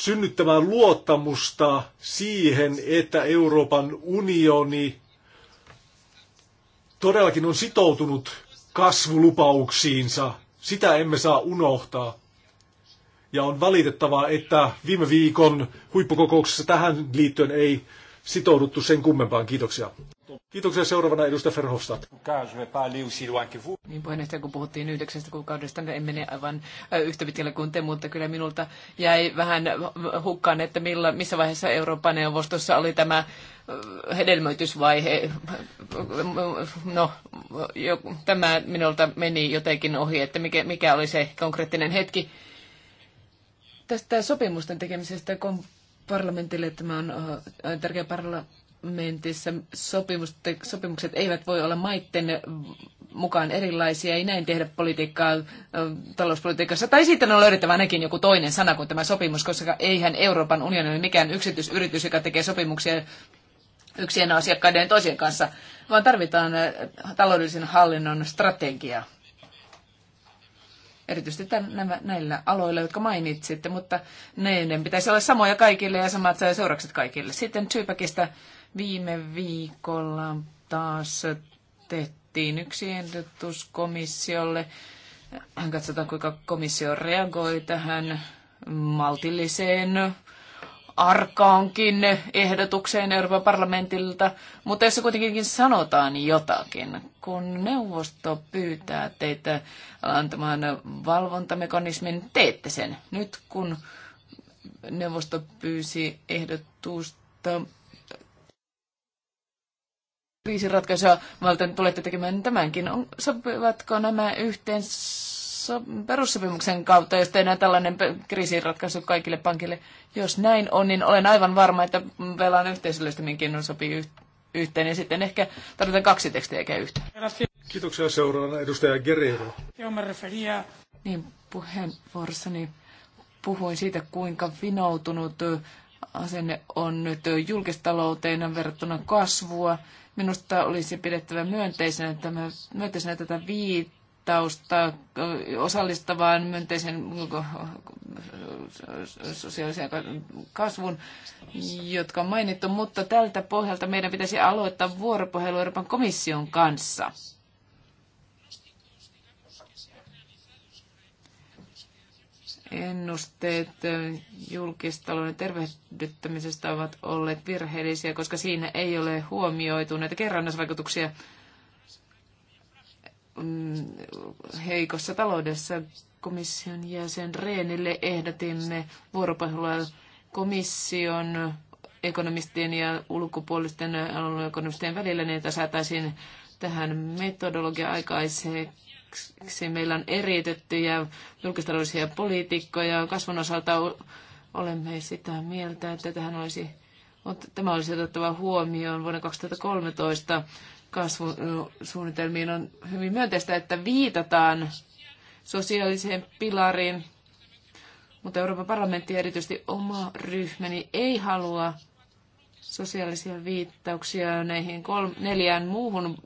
synnyttämään luottamusta siihen, että Euroopan unioni todellakin on sitoutunut kasvulupauksiinsa. Sitä emme saa unohtaa. Ja on valitettavaa, että viime viikon huippukokouksessa tähän liittyen ei sitouduttu sen kummempaan. Kiitoksia. Kiitoksia seuraavana edustaja Ferhofstadt. Niin puheenjohtaja, kun puhuttiin yhdeksästä kuukaudesta, niin en mene aivan äh, yhtä pitkälle kuin te, mutta kyllä minulta jäi vähän hukkaan, että millä, missä vaiheessa Euroopan neuvostossa oli tämä äh, hedelmöitysvaihe. No, jo, tämä minulta meni jotenkin ohi, että mikä, mikä oli se konkreettinen hetki. Tästä sopimusten tekemisestä parlamentille, tämä on äh, tärkeä parla- parlamentissa sopimukset eivät voi olla maitten mukaan erilaisia, ei näin tehdä politiikkaa talouspolitiikassa. Tai sitten on löydettävä ainakin joku toinen sana kuin tämä sopimus, koska eihän Euroopan unioni ole mikään yksityisyritys, joka tekee sopimuksia yksien asiakkaiden ja toisien kanssa, vaan tarvitaan taloudellisen hallinnon strategia. Erityisesti nämä, näillä aloilla, jotka mainitsitte, mutta ne, ne pitäisi olla samoja kaikille ja samat seuraukset kaikille. Sitten Tyypäkistä Viime viikolla taas tehtiin yksi ehdotus komissiolle. Katsotaan, kuinka komissio reagoi tähän maltilliseen arkaankin ehdotukseen Euroopan parlamentilta, mutta jos kuitenkin sanotaan jotakin, kun neuvosto pyytää teitä antamaan valvontamekanismin, teette sen. Nyt kun neuvosto pyysi ehdotusta kriisin ratkaisua tulette tekemään niin tämänkin. On, sopivatko nämä yhteen so, perussopimuksen kautta, jos tehdään tällainen kriisinratkaisu kaikille pankille? Jos näin on, niin olen aivan varma, että velan on sopii yh, yhteen. Ja sitten ehkä tarvitaan kaksi tekstiä eikä yhtä. Kiitoksia seuraavana edustaja Guerrero. Joo, mä referia. Niin, puheenvuorossani puhuin siitä, kuinka vinoutunut asenne on nyt julkistalouteen verrattuna kasvua. Minusta olisi pidettävä myönteisenä, tämä, myönteisenä tätä viittausta osallistavaan myönteisen sosiaalisen kasvun, jotka on mainittu, mutta tältä pohjalta meidän pitäisi aloittaa vuoropuhelu Euroopan komission kanssa ennusteet julkistalouden tervehdyttämisestä ovat olleet virheellisiä, koska siinä ei ole huomioitu näitä kerrannaisvaikutuksia mm, heikossa taloudessa. Komission jäsen Reenille ehdotimme vuoropuhelua komission ekonomistien ja ulkopuolisten ekonomistien välillä, niin että saataisiin tähän metodologia aikaiseksi lisäksi meillä on eriytettyjä julkistaloudellisia poliitikkoja. Kasvun osalta olemme sitä siis mieltä, että tähän olisi, tämä olisi otettava huomioon vuonna 2013 kasvusuunnitelmiin. On hyvin myönteistä, että viitataan sosiaaliseen pilariin, mutta Euroopan parlamentti erityisesti oma ryhmäni ei halua sosiaalisia viittauksia näihin kolme, neljään muuhun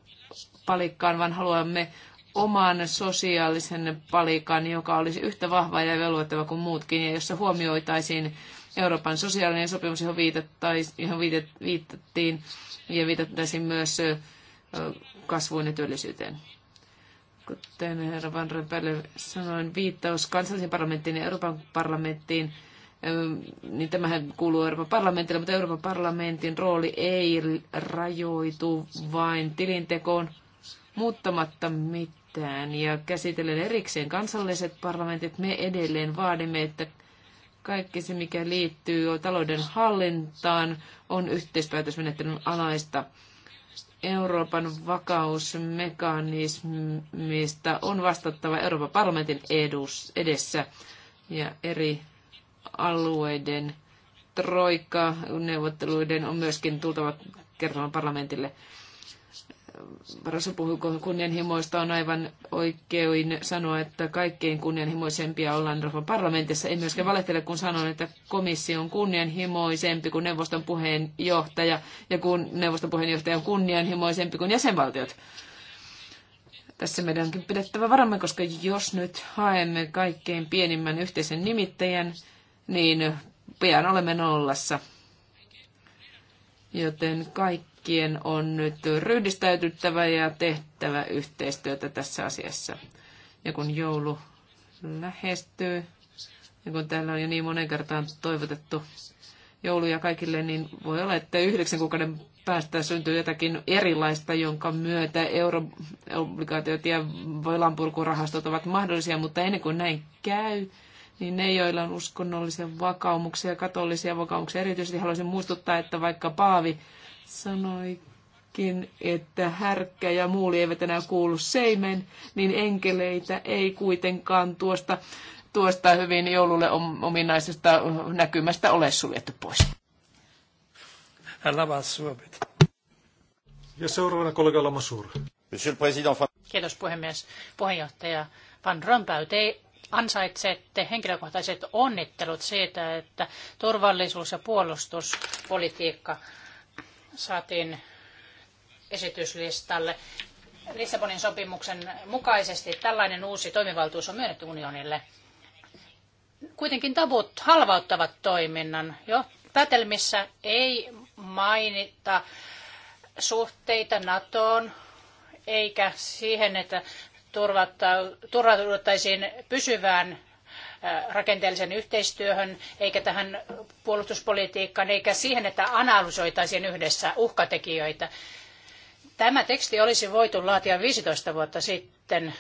palikkaan, vaan haluamme oman sosiaalisen palikan, joka olisi yhtä vahva ja velvoittava kuin muutkin, ja jossa huomioitaisiin Euroopan sosiaalinen sopimus, johon, johon viitattiin, ja viitattaisiin myös kasvuun ja työllisyyteen. Kuten herra Van Röpälle sanoin, viittaus kansallisen parlamenttiin ja Euroopan parlamenttiin, niin tämähän kuuluu Euroopan parlamentille, mutta Euroopan parlamentin rooli ei rajoitu vain tilintekoon muuttamatta mitään mitään ja käsitellen erikseen kansalliset parlamentit, me edelleen vaadimme, että kaikki se, mikä liittyy talouden hallintaan, on yhteispäätösmenettelyn alaista. Euroopan vakausmekanismista on vastattava Euroopan parlamentin edus, edessä ja eri alueiden troikka neuvotteluiden on myöskin tultava kertomaan parlamentille Varossa puhui kunnianhimoista, on aivan oikein sanoa, että kaikkein kunnianhimoisempia ollaan Euroopan parlamentissa. En myöskään valehtele, kun sanon, että komissio on kunnianhimoisempi kuin neuvoston puheenjohtaja ja kun neuvoston puheenjohtaja on kunnianhimoisempi kuin jäsenvaltiot. Tässä meidän onkin pidettävä varamme, koska jos nyt haemme kaikkein pienimmän yhteisen nimittäjän, niin pian olemme nollassa. Joten kaikki kaikkien on nyt ryhdistäytyttävä ja tehtävä yhteistyötä tässä asiassa. Ja kun joulu lähestyy, ja kun täällä on jo niin monen kertaan toivotettu jouluja kaikille, niin voi olla, että yhdeksän kuukauden päästä syntyy jotakin erilaista, jonka myötä euroobligaatiot ja voilanpurkurahastot ovat mahdollisia, mutta ennen kuin näin käy, niin ne, joilla on uskonnollisia vakaumuksia, katolisia vakaumuksia, erityisesti haluaisin muistuttaa, että vaikka Paavi sanoikin, että härkkä ja muuli eivät enää kuulu seimen, niin enkeleitä ei kuitenkaan tuosta, tuosta hyvin joululle ominaisesta näkymästä ole suljettu pois. Älä suomit. Ja seuraavana kollega Lamassur. Kiitos puhemies. Puheenjohtaja Van Rompuy, te ansaitsette henkilökohtaiset onnittelut siitä, että turvallisuus- ja puolustuspolitiikka saatiin esityslistalle. Lissabonin sopimuksen mukaisesti tällainen uusi toimivaltuus on myönnetty unionille. Kuitenkin tavut halvauttavat toiminnan. Jo päätelmissä ei mainita suhteita NATOon eikä siihen, että turvattaisiin pysyvään rakenteelliseen yhteistyöhön, eikä tähän puolustuspolitiikkaan, eikä siihen, että analysoitaisiin yhdessä uhkatekijöitä. Tämä teksti olisi voitu laatia 15 vuotta sitten.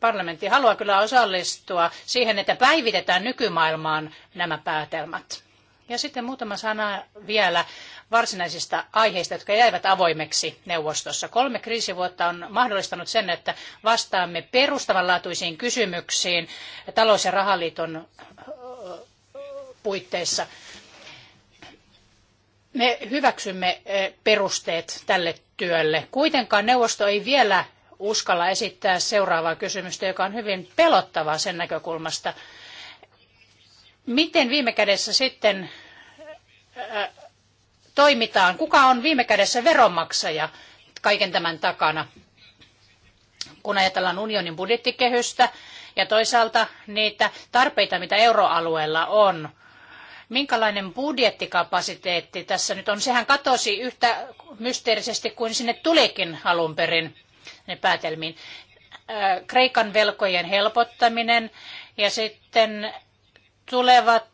Parlamentti haluaa kyllä osallistua siihen, että päivitetään nykymaailmaan nämä päätelmät. Ja sitten muutama sana vielä varsinaisista aiheista, jotka jäivät avoimeksi neuvostossa. Kolme kriisivuotta on mahdollistanut sen, että vastaamme perustavanlaatuisiin kysymyksiin talous- ja rahaliiton puitteissa. Me hyväksymme perusteet tälle työlle. Kuitenkaan neuvosto ei vielä uskalla esittää seuraavaa kysymystä, joka on hyvin pelottavaa sen näkökulmasta. Miten viime kädessä sitten toimitaan? Kuka on viime kädessä veronmaksaja kaiken tämän takana? Kun ajatellaan unionin budjettikehystä ja toisaalta niitä tarpeita, mitä euroalueella on, minkälainen budjettikapasiteetti tässä nyt on? Sehän katosi yhtä mysteerisesti kuin sinne tulikin alun perin ne päätelmiin. Kreikan velkojen helpottaminen ja sitten tulevat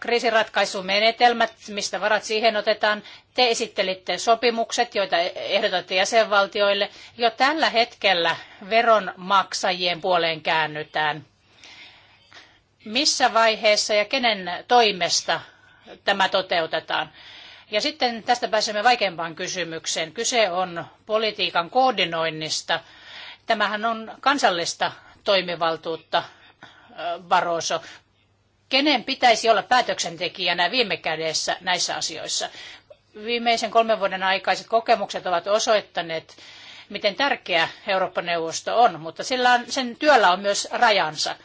kriisiratkaisumenetelmät, mistä varat siihen otetaan. Te esittelitte sopimukset, joita e- ehdotatte jäsenvaltioille. Jo tällä hetkellä veronmaksajien puoleen käännytään. Missä vaiheessa ja kenen toimesta tämä toteutetaan? Ja sitten tästä pääsemme vaikeampaan kysymykseen. Kyse on politiikan koordinoinnista. Tämähän on kansallista toimivaltuutta, Barroso kenen pitäisi olla päätöksentekijänä viime kädessä näissä asioissa. Viimeisen kolmen vuoden aikaiset kokemukset ovat osoittaneet, miten tärkeä Eurooppa-neuvosto on, mutta sillä on, sen työllä on myös rajansa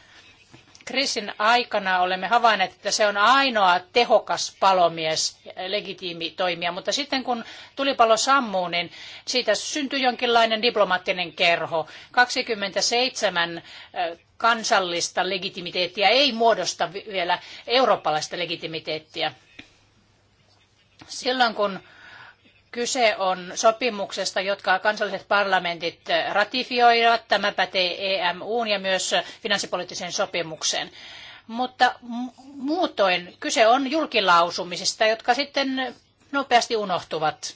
kriisin aikana olemme havainneet, että se on ainoa tehokas palomies, legitiimi toimija, mutta sitten kun tulipalo sammuu, niin siitä syntyy jonkinlainen diplomaattinen kerho. 27 kansallista legitimiteettiä ei muodosta vielä eurooppalaista legitimiteettiä. Silloin kun Kyse on sopimuksesta, jotka kansalliset parlamentit ratifioivat. Tämä pätee EMUun ja myös finanssipoliittiseen sopimukseen. Mutta muutoin kyse on julkilausumisista, jotka sitten nopeasti unohtuvat.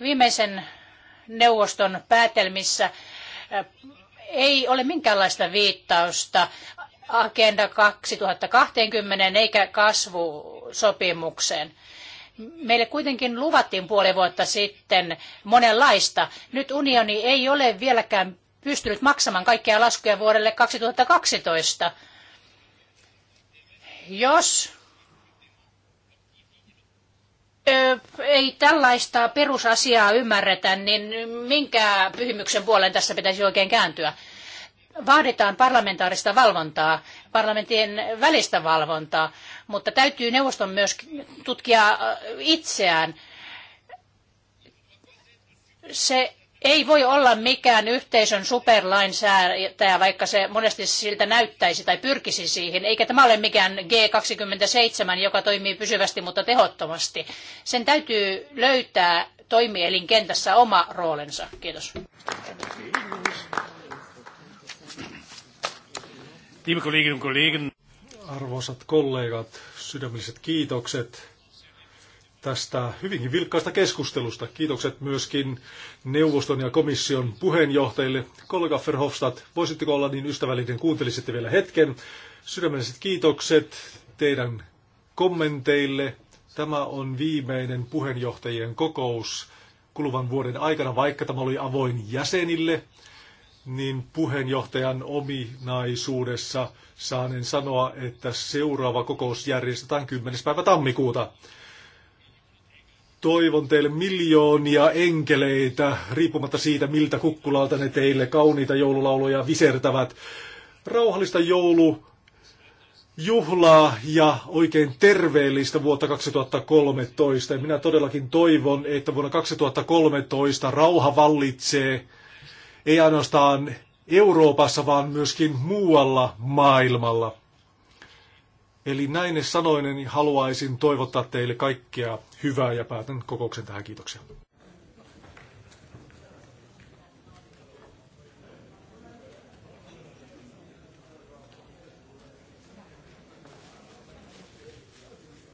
Viimeisen neuvoston päätelmissä eh, ei ole minkäänlaista viittausta Agenda 2020 eikä kasvusopimukseen. Meille kuitenkin luvattiin puoli vuotta sitten monenlaista. Nyt unioni ei ole vieläkään pystynyt maksamaan kaikkia laskuja vuodelle 2012. Jos ei tällaista perusasiaa ymmärretä, niin minkä pyhimyksen puoleen tässä pitäisi oikein kääntyä? vaaditaan parlamentaarista valvontaa, parlamenttien välistä valvontaa, mutta täytyy neuvoston myös tutkia äh, itseään. Se ei voi olla mikään yhteisön superlainsäätäjä, vaikka se monesti siltä näyttäisi tai pyrkisi siihen, eikä tämä ole mikään G27, joka toimii pysyvästi, mutta tehottomasti. Sen täytyy löytää toimielin kentässä oma roolinsa. Kiitos. Liebe Kolleginnen und Kollegen. Arvoisat kollegat, sydämelliset kiitokset tästä hyvinkin vilkkaasta keskustelusta. Kiitokset myöskin neuvoston ja komission puheenjohtajille. Kollega Verhofstadt, voisitteko olla niin ystävällinen, kuuntelisitte vielä hetken. Sydämelliset kiitokset teidän kommenteille. Tämä on viimeinen puheenjohtajien kokous kuluvan vuoden aikana, vaikka tämä oli avoin jäsenille niin puheenjohtajan ominaisuudessa saanen sanoa, että seuraava kokous järjestetään 10. päivä tammikuuta. Toivon teille miljoonia enkeleitä, riippumatta siitä, miltä kukkulalta ne teille kauniita joululauluja visertävät. Rauhallista joulu, juhlaa ja oikein terveellistä vuotta 2013. Ja minä todellakin toivon, että vuonna 2013 rauha vallitsee ei ainoastaan Euroopassa, vaan myöskin muualla maailmalla. Eli näin sanoinen niin haluaisin toivottaa teille kaikkea hyvää ja päätän kokouksen tähän. Kiitoksia.